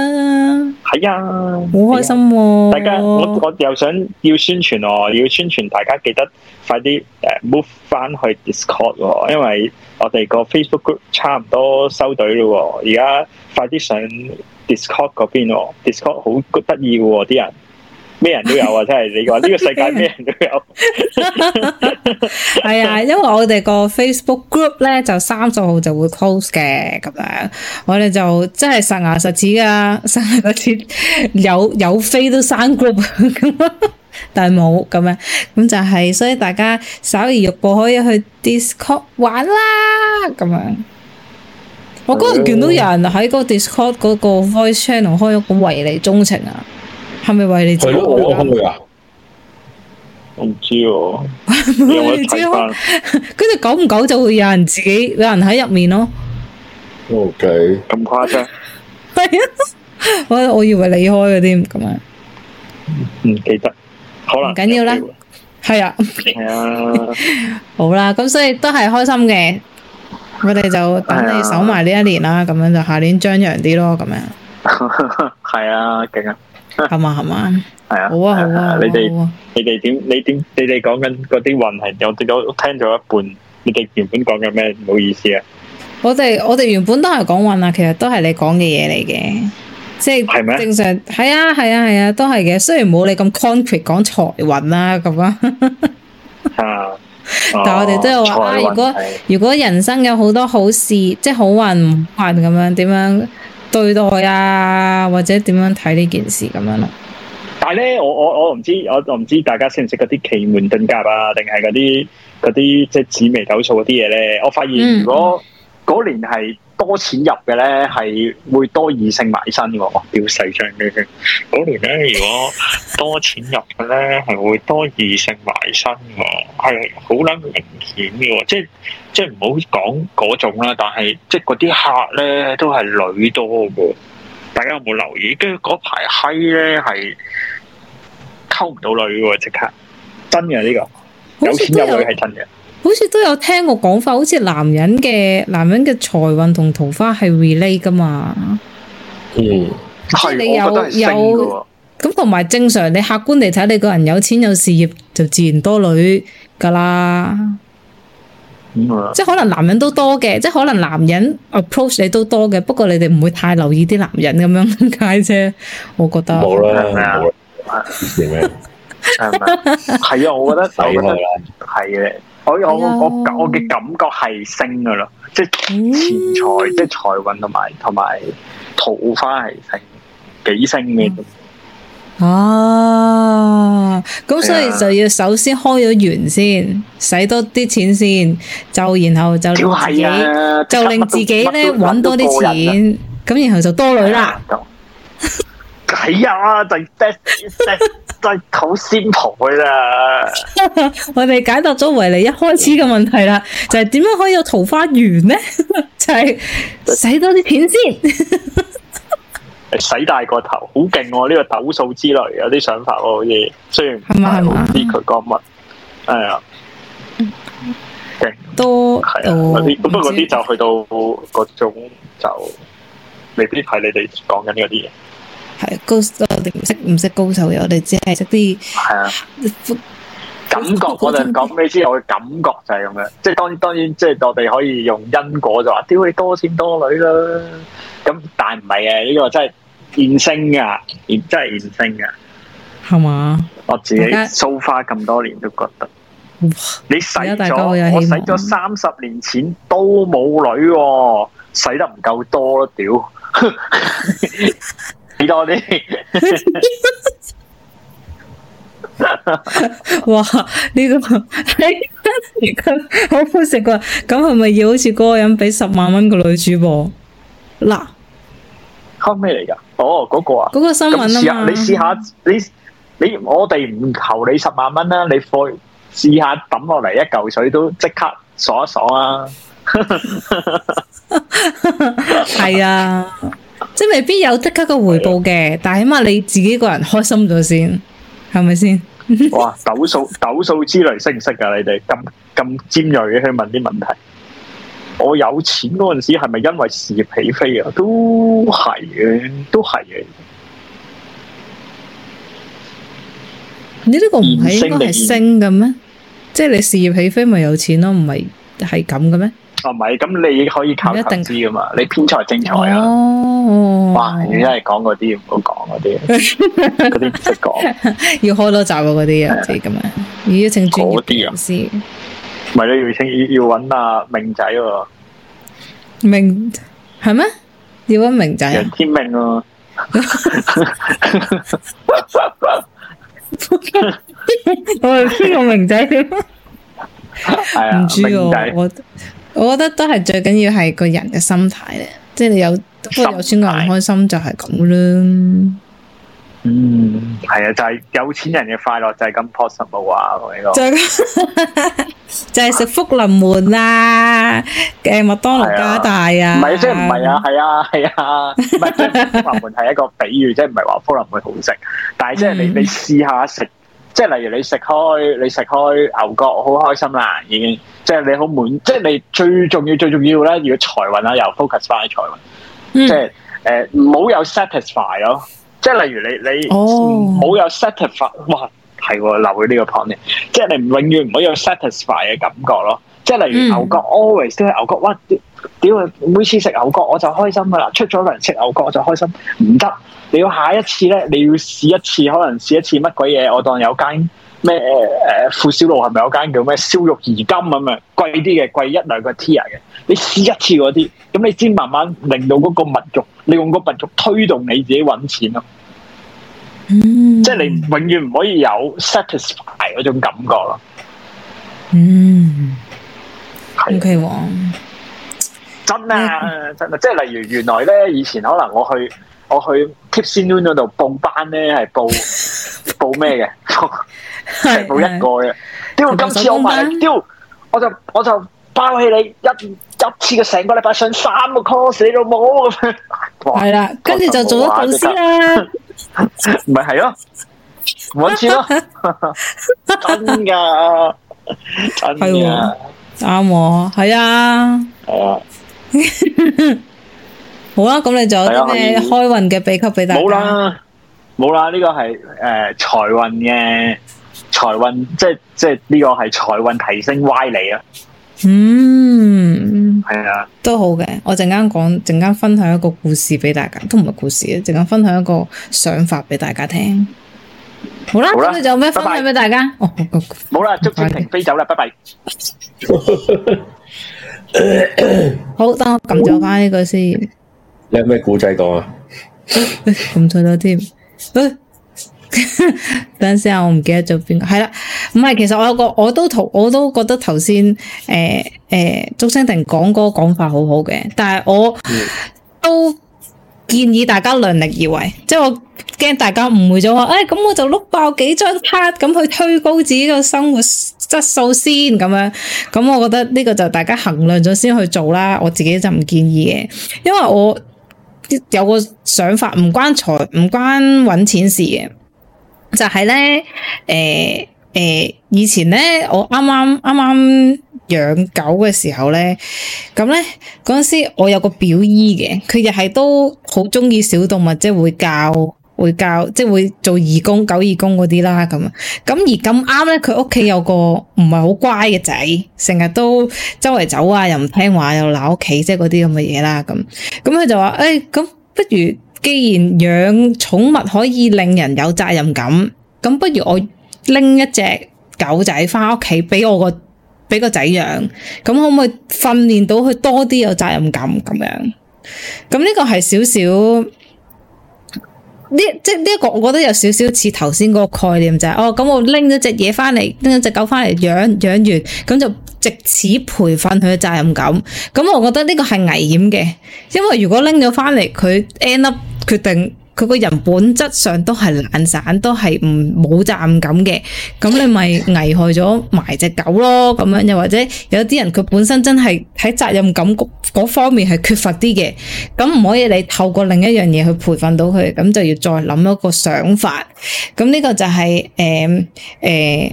係啊，好開心！大家，我我又想要宣傳我，要宣傳大家記得快啲誒，move 翻去 Discord，因為我哋個 Facebook group 差唔多收隊咯，而家快啲上 Discord 嗰邊咯，Discord 好得意喎，啲人。咩人都有啊！真係你講呢個世界咩人都有。係啊，因為我哋個 Facebook group 咧就三十號就會 close 嘅，咁樣我哋就真係實牙實齒啊，生日實齒有有飛都生 group，但係冇咁樣，咁就係、是、所以大家稍而欲步可以去 Discord 玩啦，咁樣。我今日見到有人喺個 Discord 嗰個 Voice Channel 開咗個為你鍾情啊！係咪為你自己開噶？我唔知哦。你開？跟住久唔久就會有人自己，有人喺入面咯。O K，咁誇張？係啊，我我以為你開嘅添，咁樣唔記得，可能唔緊要啦。係啊，係啊，好啦，咁所以都係開心嘅。我哋就等你守埋呢一年啦，咁樣就下年張揚啲咯，咁樣係啊，勁啊！係嘛係嘛，係啊，好啊，你哋你哋點你點你哋講緊嗰啲運係，我聽咗一半，你哋原本講緊咩？唔好意思啊，我哋我哋原本都係講運啊，其實都係你講嘅嘢嚟嘅，即係正常，係啊係啊係啊，啊，啊，啊，都係嘅。雖然冇你咁 concrete 講財運啊，咁 啊，哦、但係我哋都有話啊，如果如果人生有好多好事，即係好運唔好運咁樣，點樣？對待啊，或者點樣睇呢件事咁樣啦。但係咧，我我我唔知，我我唔知，我我唔知大家識唔識嗰啲奇門遁甲啊，定係嗰啲嗰啲即係紫微斗數嗰啲嘢咧。我發現如果嗰年係。嗯多錢入嘅咧，係會多異性埋身嘅。表細張嘅嗰年咧，如果多錢入嘅咧，係會多異性埋身嘅，係好捻明顯嘅，即係即係唔好講嗰種啦，但係即係嗰啲客咧都係女多嘅，大家有冇留意？跟住嗰排閪咧係溝唔到女嘅，即刻真嘅呢個，有錢有女係真嘅。好似都有聽過講法，好似男人嘅男人嘅財運同桃花係 relate 噶嘛？嗯，係、就是、你有有咁同埋正常，你客觀地睇，你個人有錢有事業，就自然多女噶啦。即、嗯、係、就是、可能男人都多嘅，即、就、係、是、可能男人 approach 你都多嘅，不過你哋唔會太留意啲男人咁樣解啫。我覺得冇啦，係啊， 啊，我覺得係嘅。 覺得 我、啊、我我我嘅感覺係升噶啦、就是，嗯，即係錢財，即係財運同埋同埋桃花係升幾升嘅。哦、啊，咁所以就要首先開咗源先，使多啲錢先，就然後就令自己、啊、就令自己咧搵多啲錢，咁然後就多女啦。睇、哎、啊！就 set set 就啦。我哋解答咗維尼一開始嘅問題啦，就係、是、點樣可以有桃花源咧？ 就係使多啲錢先。使大個頭，好 勁、啊！我、這、呢個抖數之類有啲想法、啊，好似雖然唔係好知佢講乜。係、哎、啊，勁多。係啊，不過嗰啲就去到嗰種就未必係你哋講緊嗰啲嘢。係高，高手，我哋唔識唔識高手嘅，我哋只係識啲。係啊，感覺我就講俾你知，我嘅感覺就係咁樣。即係當當然，即係我哋可以用因果就話，屌你多錢多女啦。咁但係唔係嘅，呢、這個真係現星噶，真係現星噶。係嘛？我自己 so far 咁多年都覺得，你使咗我使咗三十年錢都冇女，使得唔夠多咯？屌！ 你多啲，哇！呢、這個你真係食， 我冇食過。咁係咪要好似嗰個人俾十萬蚊個女主播嗱？哈咩嚟噶？哦，嗰、那個啊，嗰、那個新聞啊，你試下、嗯、你試下你，你我哋唔求你十萬蚊啦，你放試下抌落嚟一嚿水都即刻爽一爽啊！係 啊。即係未必有即刻嘅回報嘅，但係起碼你自己個人開心咗先，係咪先？哇！斗數斗數之類，識唔識啊？你哋咁咁尖銳去問啲問題。我有錢嗰陣時係咪因為事業起飛啊？都係嘅，都係嘅。你呢個唔係應該係升咁咩？即係你事業起飛咪有錢咯？唔係係咁嘅咩？唔、哦、係，咁你可以靠投資啊嘛！你偏財正財啊、哦哦！哇，你真係講嗰啲唔好講嗰啲，嗰啲唔識講，要開多集嗰啲啊！即係咁啊！要請專業啲老師，唔係你要請要要搵阿、啊、明仔喎、啊，明係咩？要搵明仔楊天明啊！我先講明仔點，唔知我，我我覺得都係最緊要係個人嘅心態咧，即係有，如果有、嗯啊就是、有錢人唔開心就係咁啦。嗯，係啊，就係、是這個、有錢人嘅快樂就係咁 possible 啊！呢個就係食福臨門啊，嘅 麥當勞加大啊，唔係，即係唔係啊，係、就是、啊，係啊，唔係、啊，是 福臨門係一個比喻，即係唔係話福臨門好食，但係即係你 你試下食，即、就、係、是、例如你食開你食開牛角，好開心啦，已經。即、就、係、是、你好滿，即、就、係、是、你最重要最重要咧，如果財運啦，又 focus 翻啲財運。即係誒，唔、就、好、是呃、有 satisfy 咯、啊。即、就、係、是、例如你你，唔、哦、好有 satisfy。哇，係，留意呢個 point。即、就、係、是、你永遠唔好有 satisfy 嘅感覺咯。即、就、係、是、例如牛角、嗯、，always 都係牛角。哇，屌，佢，每次食牛角我就開心噶啦，出咗糧食牛角我就開心。唔得，你要下一次咧，你要試一次，可能試一次乜鬼嘢，我當有間。咩誒、uh, 富小路係咪有間叫咩燒肉而金咁樣？貴啲嘅，貴一些、貴一些、一兩個 T 啊嘅，你試一次嗰啲，咁你先慢慢令到嗰個物慾，你用嗰物慾推動你自己揾錢咯、嗯。即係你永遠唔可以有 satisfy 嗰種感覺咯。嗯，係啊，OK 真啊真啊，yeah. 即係例如原來咧，以前可能我去。我去 Tipsy Noon 嗰度報班咧，係報報咩嘅？報 一個嘅。屌，今次我唔係，屌，我就我就包起你一一次嘅成個禮拜上三個 course 你都冇咁樣。係啦，跟住就做咗導師啦。咪係咯，冇錢咯，真噶、啊， 真噶，啱喎，係啊，係 啊。 對對對 好啦，咁你仲有啲咩開運嘅秘笈俾大家？冇啦，冇啦，呢、這個係誒財運嘅財運，即係即係呢個係財運提升歪理啊！嗯，係啊，都好嘅。我陣間講，陣間分享一個故事俾大家，都唔係故事啊，陣間分享一個想法俾大家聽。好啦，咁你仲有咩分享俾大家？哦，好，冇啦，祝朱停，飛走啦，拜拜。哦、okay, 拜拜拜拜 好，等我撳咗翻呢個先。你有咩古仔講啊？咁錯咗添。哎、 等陣先啊，我唔記得咗邊個。係啦，唔係，其實我有個，我都同我都覺得頭先誒誒，鍾生庭講嗰個講法好好嘅。但係我、嗯、都建議大家量力而為，即係我驚大家誤會咗話，誒、哎、咁我就碌爆幾張卡，咁去推高自己個生活質素先咁樣。咁我覺得呢個就大家衡量咗先去做啦。我自己就唔建議嘅，因為我。有個想法唔關財唔關搵錢事嘅，就係呢。誒、呃、誒、呃，以前呢，我啱啱啱啱養狗嘅時候呢，咁呢嗰陣時我有個表姨嘅，佢又係都好中意小動物，即係會教。會教即係會做義工，狗義工嗰啲啦，咁咁而咁啱咧，佢屋企有個唔係好乖嘅仔，成日都周圍走啊，又唔聽話，又鬧屋企，即係嗰啲咁嘅嘢啦，咁咁佢就話誒，咁、欸、不如既然養寵物可以令人有責任感，咁不如我拎一隻狗仔翻屋企，俾我個俾個仔養，咁可唔可以訓練到佢多啲有責任感咁樣？咁呢個係少少。呢即呢個，我覺得有少少似頭先嗰個概念就係，哦咁我拎咗隻嘢返嚟，拎咗隻狗返嚟養，養完，咁就藉此培訓佢嘅責任感。咁我覺得呢個係危險嘅，因為如果拎咗返嚟，佢 end up 決定。佢個人本質上都係懶散，都係唔冇責任感嘅。咁你咪危害咗埋隻狗咯。咁樣又或者有啲人佢本身真係喺責任感嗰方面係缺乏啲嘅。咁唔可以你透過另一樣嘢去培訓到佢。咁就要再諗一個想法。咁呢個就係誒誒，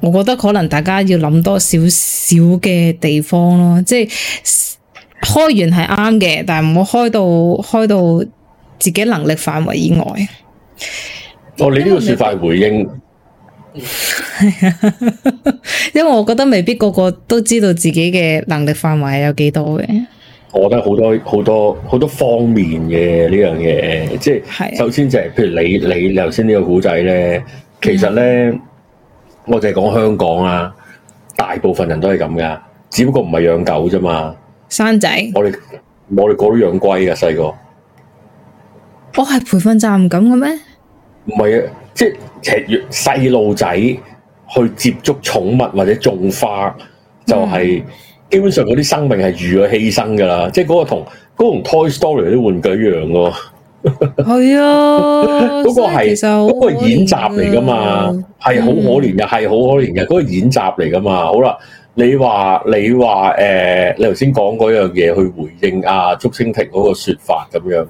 我覺得可能大家要諗多少少嘅地方咯。即係開完係啱嘅，但係唔好開到開到。開到自己能力範圍以外，哦，你呢個說法係回應， 因為我覺得未必個個都知道自己嘅能力範圍有幾多嘅。我覺得好多好多好多方面嘅呢樣嘢，即係首先就係、是、譬如你你你頭先呢個古仔咧，其實咧、嗯，我就係講香港啊，大部分人都係咁噶，只不過唔係養狗啫嘛，生仔，我哋我哋嗰度都養龜噶細個。我係培訓站咁嘅咩？唔係啊，即係約細路仔去接觸寵物或者種花，就係、是、基本上嗰啲生命係預咗犧牲噶啦。嗯、即係嗰個同嗰、那個 toy story 啲玩具一樣噶。係啊，嗰 個係嗰、那個演習嚟噶嘛，係、嗯、好可憐嘅，係好可憐嘅，嗰、那個演習嚟噶嘛。好啦。你話你話誒，你頭先講嗰樣嘢去回應啊，竹蜻蜓嗰個説法咁樣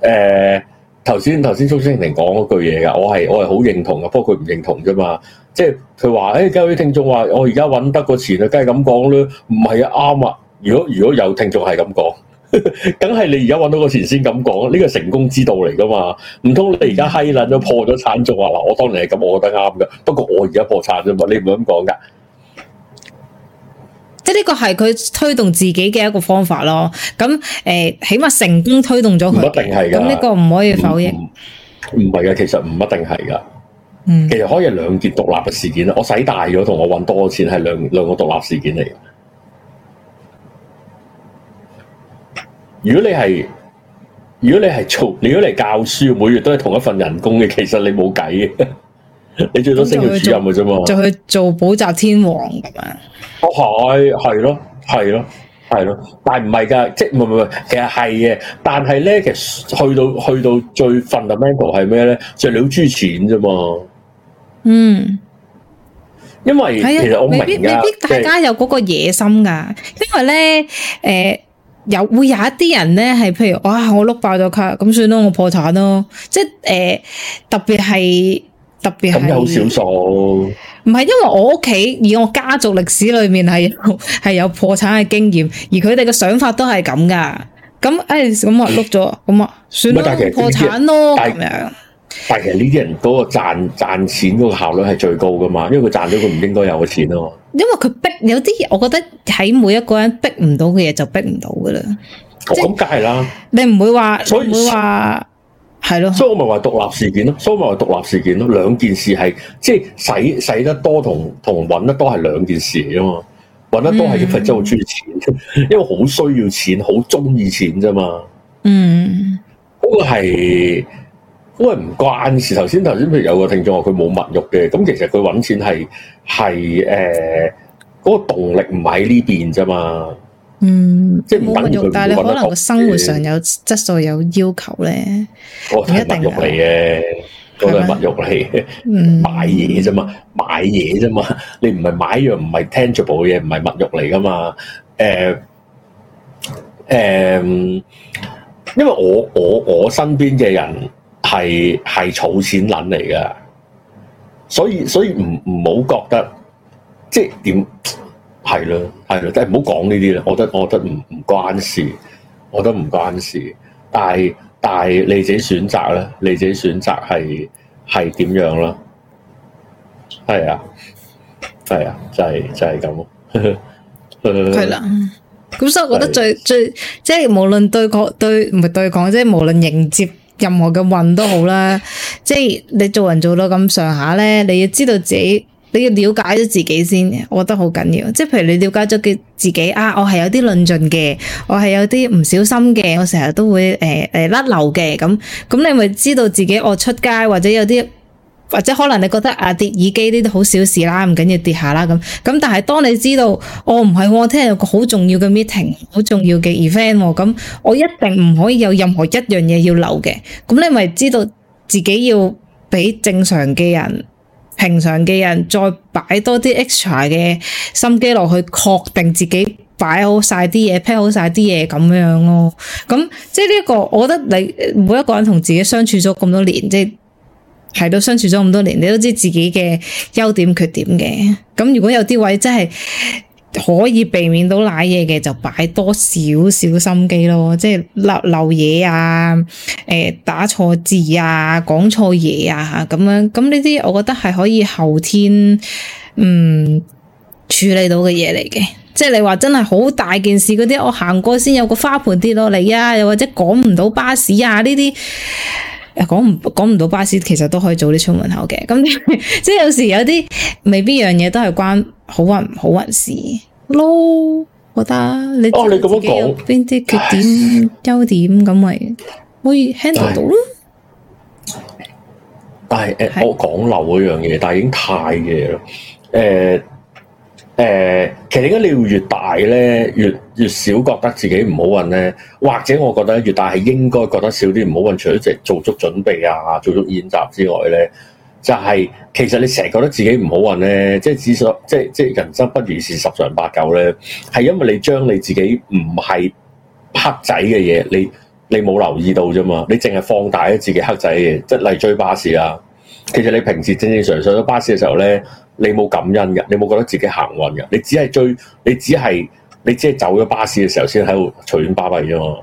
誒，頭先頭先竹蜻蜓講嗰句嘢噶，我係我係好認同噶，不過佢唔認同啫嘛，即係佢話誒，各位聽眾話我而家揾得個錢啊，梗係咁講啦，唔係啊，啱啊，如果如果有聽眾係咁講，梗 係你而家揾到個錢先咁講，呢個成功之道嚟噶嘛，唔通你而家閪撚都破咗產咗啊？嗱，我當年係咁，我覺得啱噶，不過我而家破產啫嘛，你唔係咁講㗎。即係呢個係佢推動自己嘅一個方法咯，咁誒，起碼成功推動咗佢。唔一定係噶。咁呢個唔可以否認。唔係啊，其實唔一定係噶。嗯。其實可以係兩件獨立嘅事件啦。我使大咗同我搵多錢係兩兩個獨立事件嚟。如果你係，如果你係做，如果你教書，每月都係同一份人工嘅，其實你冇計嘅。你最多升做主任嘅啫嘛，就去做補習天王咁樣？哦，係係咯，係咯，係咯，但唔係噶，即係唔係唔係，其實係嘅，但係咧，其實去到去到最 fundamental 係咩咧？就係你好儲錢啫嘛。嗯，因為其實我明未必，未必大家有嗰個野心噶、就是，因為咧，誒、呃，有會有一啲人咧係，譬如，哇，我碌爆咗卡，咁算啦，我破產咯，即係誒、呃，特別係。特別係好少數，唔係因為我屋企以我家族歷史裏面係係有，有破產嘅經驗，而佢哋嘅想法都係咁噶。咁誒咁啊碌咗，咁、哎、啊、嗯，算係但其實破產咯，但係呢啲人嗰個賺賺錢嗰個效率係最高噶嘛，因為佢賺咗佢唔應該有嘅錢咯，啊。因為佢逼有啲，我覺得喺每一個人逼唔到嘅嘢就逼唔到噶啦，即梗係啦。你唔會話，唔會話。係咯，所以我咪話獨立事件，所以我咪話獨立事件咯，所以咪話獨立事件咯，兩件事係即係使使得多同同揾得多係兩件事嚟噶嘛，揾得多係佢真係好中意錢，嗯、因為好需要錢，好中意錢啫嘛。嗯，個係，個係不過係，不過唔關事。頭先頭先，譬如有個聽眾話佢冇物欲嘅，咁其實佢揾錢係係誒，嗰、呃嗰個動力唔喺呢邊啫嘛。嗯，即係冇物欲，但係你可能個生活上有質素，有要求咧，唔、嗯、一定嘅。係咪物欲嚟嘅？買嘢啫嘛，買嘢啫嘛。你唔係買樣唔係 tangible 嘅嘢，唔係物欲嚟噶嘛？誒誒，因為我我我身邊嘅人係係儲錢捻嚟噶，所以所以唔唔好覺得即係點。係咯，係咯，即係唔好講呢啲啦。我覺得，我覺得唔唔關事，我覺得唔關事。但係但係你自己選擇啦，你自己選擇係係點樣啦？係啊，係啊，就係、是、就係咁咯。係 啦，咁所以我覺得最是最即係無論對抗，對，唔係對抗即係無論迎接任何嘅運都好啦。即 係你做人做到咁上下咧，你要知道自己。你要了解咗自己先，我覺得好緊要。即係譬如你了解咗佢自己啊，我係有啲論盡嘅，我係有啲唔小心嘅，我成日都會甩、呃呃、漏嘅咁。咁你咪知道自己我出街或者有啲，或者可能你覺得啊跌耳機呢啲好小事啦，唔緊要跌下啦咁。咁但係當你知道我唔係我聽日有個好重要嘅 meeting，好重要嘅 event 喎、哦，咁我一定唔可以有任何一樣嘢要漏嘅。咁你咪知道自己要俾正常嘅人。平常嘅人再擺多啲 extra 嘅心機落去，確定自己擺好晒啲嘢 p a a n 好晒啲嘢咁樣咯。咁即係呢一個，我覺得你每一個人同自己相處咗咁多年，即係都相處咗咁多年，你都知自己嘅優點缺點嘅。咁如果有啲位真係。可以避免到瀨嘢嘅，就擺多少少心機咯，即係漏漏嘢啊，誒、欸、打錯字啊，講錯嘢啊咁樣，咁呢啲我覺得係可以後天嗯處理到嘅嘢嚟嘅，即係你話真係好大件事嗰啲，我行過先有個花盆跌落嚟啊，又或者趕唔到巴士啊呢啲。誒，講唔講唔到巴士，其實都可以早啲出門口嘅。咁 即係有時候有啲未必一樣嘢都係關好運唔好運事咯。我覺得你哦，你咁樣講邊啲缺點優點咁咪可以 handle 到咯？但係誒，我講漏嗰樣嘢，但係已經太夜啦。誒。誒、呃，其實點解你要越大咧，越越少覺得自己唔好運咧？或者我覺得越大係應該覺得少啲唔好運，除咗即係做足準備啊、做足演習之外咧，就係、是、其實你成日覺得自己唔好運咧，即係至少即即人生不如是十常八舊咧，係因為你將你自己唔係黑仔嘅嘢，你你冇留意到啫嘛，你淨係放大咗自己黑仔嘅，即例如追巴士啊！其實你平時正正常常坐咗巴士嘅時候咧，你冇感恩嘅，你冇覺得自己幸運嘅，你只係追，你只係你只係走咗巴士嘅時候先喺度隨便巴閉啫嘛。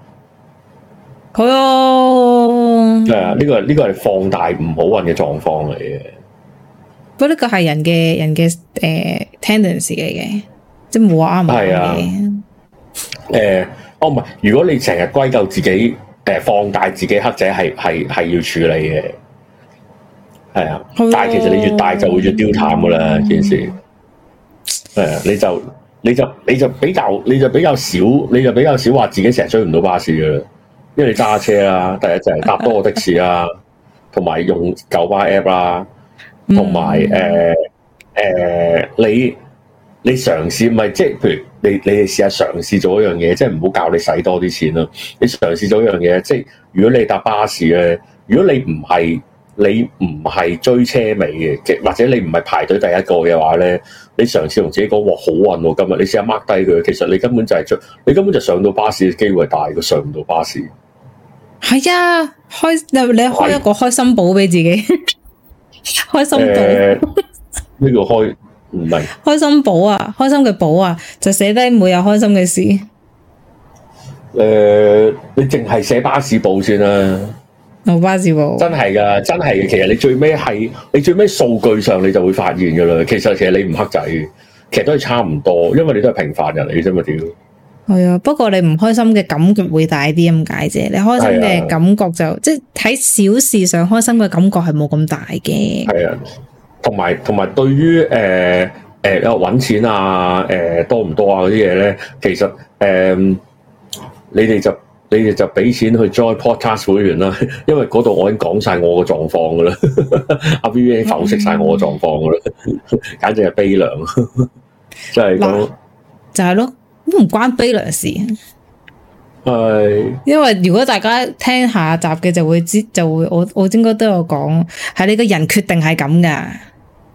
佢咯、哦。係啊，呢、這個呢、這個係放大唔好運嘅狀況嚟嘅。不過個係人嘅人嘅誒、呃、tendency 嚟嘅，即係冇啱冇啱誒，哦唔係，如果你成日歸咎自己，誒、呃、放大自己黑仔係係係要處理嘅。係啊，但係其實你越大就會越丟淡噶啦，件事。誒、啊，你就你就你就比較你就比較少你就比較少話自己成日追唔到巴士噶啦，因為揸車啦、啊，第一就搭多個的士啦，同埋用九巴 app 啦、啊，同埋誒誒，你你嘗試咪即係譬如你你試下嘗試咗一樣嘢，即係唔好教你使多啲錢啦、啊。你嘗試咗一樣嘢，即係如果你搭巴士咧，如果你唔係，你唔係追車尾嘅，或者你唔係排隊第一個嘅話咧，你嘗試同自己講話好運喎、哦，今日你試，試下 mark 低佢。其實你根本就係追，你根本就上到巴士嘅機會大，佢上唔到巴士。係啊，開你你開一個開心簿俾自己，開心簿呢個開唔係開心簿啊，開心嘅簿啊，就寫低每日開心嘅事。誒、呃，你淨係寫巴士簿算啦。真係噶，真係。其實你最尾係你最尾數據上，你就會發現噶啦。其實，其實你唔黑仔，其實都係差唔多，因為你都係平凡人嚟啫嘛。屌，係啊。不過你唔開心嘅感覺會大啲，咁解啫。你開心嘅感覺就即係喺小事上開心嘅感覺係冇咁大嘅。係、呃呃、啊，同埋同埋對於誒誒啊搵錢啊誒多唔多啊嗰啲嘢咧，其實誒、呃、你哋就。你哋就俾錢去 join podcast 會員啦，因為嗰度我已經講晒我嘅狀況噶啦，阿 V V 已經剖析晒我嘅狀況噶啦，簡直係悲涼，嗯，就係、是、咁，就係咯，都唔關悲涼事，係，因為如果大家聽下集嘅就會知道，就會我我應該都有講，係你個人決定係咁噶，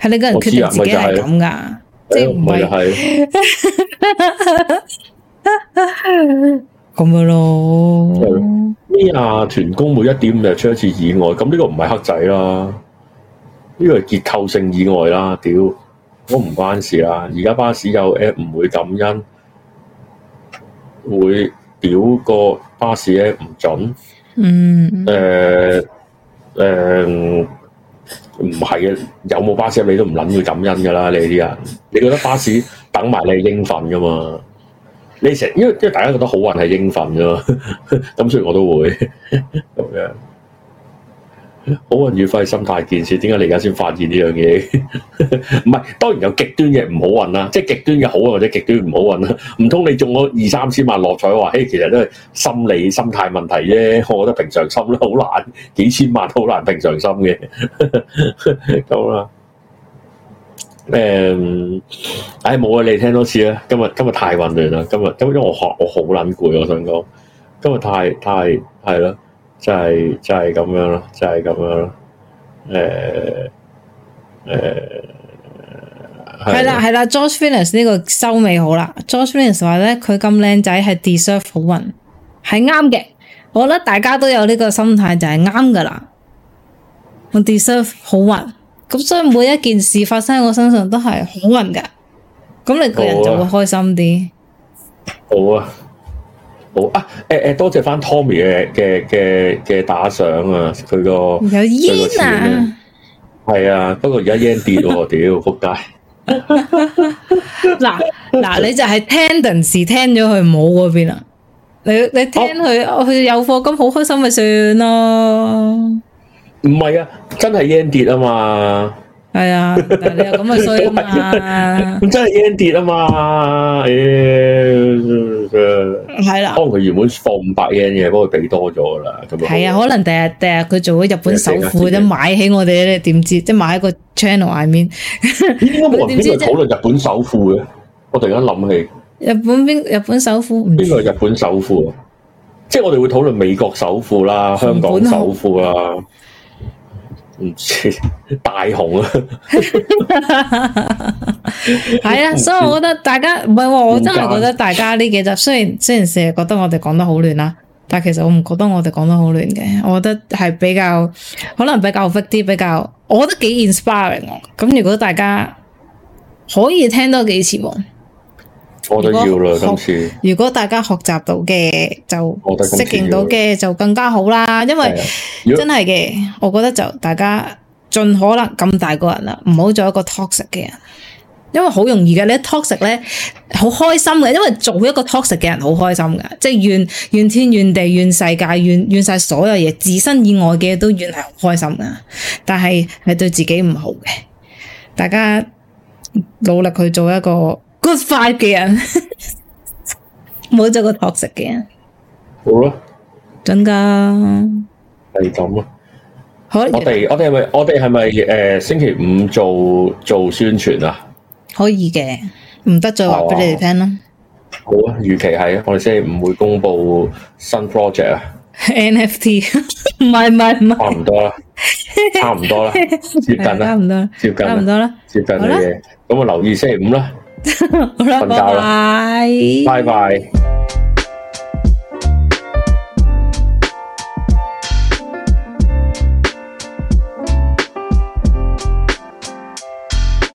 係你個人決定自己係咁噶，即係唔係。就是就是咁樣咯，呢下團工每一點就出一次意外，咁呢個唔係黑仔啦，呢個係結構性意外啦。屌，都唔關事啦。而家巴士有 app 唔會感恩，會屌個巴士 app 唔準。嗯，誒、呃、誒，唔係啊，有冇巴士你都唔撚會感恩噶啦，你啲人，你覺得巴士等埋你應份噶嘛？你成日，因為因為大家覺得好運係應份啫，咁所以我都會咁樣。好運與否，心態建設，點解你而家先發現呢樣嘢？唔係，當然有極端嘅唔好運啦，即係極端嘅好運，或者極端唔好運啦。唔通你中咗二三千萬樂彩話，誒，其實都係心理心態問題啫。我覺得平常心都，好難，幾千萬都好難平常心嘅，咁啦。誒、嗯，唉、哎、冇啊！你聽多次啦，今日今日太混亂啦，今日今日因為我學我好撚攰，我想講今日太太係咯，就係就係咁樣咯，就係咁樣咯。誒誒，係啦係啦，Josh Fiennes 呢個收尾好啦。Josh Fiennes 話咧，佢咁靚仔係 deserve 好運，係啱嘅。我覺得大家都有呢個心態，就係啱噶啦。我 deserve 好運。咁所以每一件事發生喺我身上都係好運嘅，咁你個人就會開心啲。好啊，好啊，誒、啊、誒、欸，多謝翻 Tommy 嘅嘅嘅嘅打賞啊，佢個有煙啊，係啊，不過而家煙跌咗，屌 糟糕，扑 街 嗱嗱，你就係聽頓時聽咗佢冇嗰邊啊。你你聽佢佢有貨咁好開心咪算咯。唔係啊，真係 yen 跌嘛 是啊嘛， 跌嘛！係 啊，但係你又咁啊衰啊嘛！真係 yen 跌啊嘛！誒，係啦，可能佢原本放五百 yen 嘅，幫佢俾多咗啦。咁啊，係啊，可能第日第、啊、日佢做咗日本首富，咁、啊、買起我哋咧，點知？即係買一個 channel，I mean。點解冇人邊度討論日本首富嘅？我突然間諗起。日本邊日本首富？邊個日本首富？即係我哋會討論美國首富啦，香港首富啦。唔知大好啊，係啊，所以我覺得大家唔係、哦，我真係覺得大家呢幾集雖然雖然成日覺得我哋講得好亂啦，但係其實我唔覺得我哋講得好亂嘅，我覺得係比較可能比較 fit 啲，比較我覺得幾 inspiring 啊。咁、嗯、如果大家可以聽多幾次。我都要啦，今次如果，如果大家學習到嘅，就適應到嘅就更加好啦，因為真係嘅，我覺得就大家盡可能咁大個人啦，唔好做一個 toxic 嘅人，因為好容易嘅，你一 toxic 咧好開心嘅，因為做一個 toxic 嘅人好開心噶，即係怨怨天怨地怨世界怨怨晒所有嘢，自身以外嘅都怨係好開心噶，但係係對自己唔好嘅，大家努力去做一個。good 快嘅人，冇 做個 toxic 嘅人，好啦，真噶係咁咯。可以我哋我哋係咪我哋係咪誒星期五做做宣傳啊？可以嘅，唔得再話俾、哦啊、你哋聽咯、啊。好啊，預期係，我哋星期五會公布新 project 啊。NFT 唔係唔係唔差唔多啦，差唔多啦， 接近啦，差唔多啦，接近啦，差唔多啦，接近嘅咁啊，我留意星期五啦。好啦，瞓覺啦，拜拜，拜拜。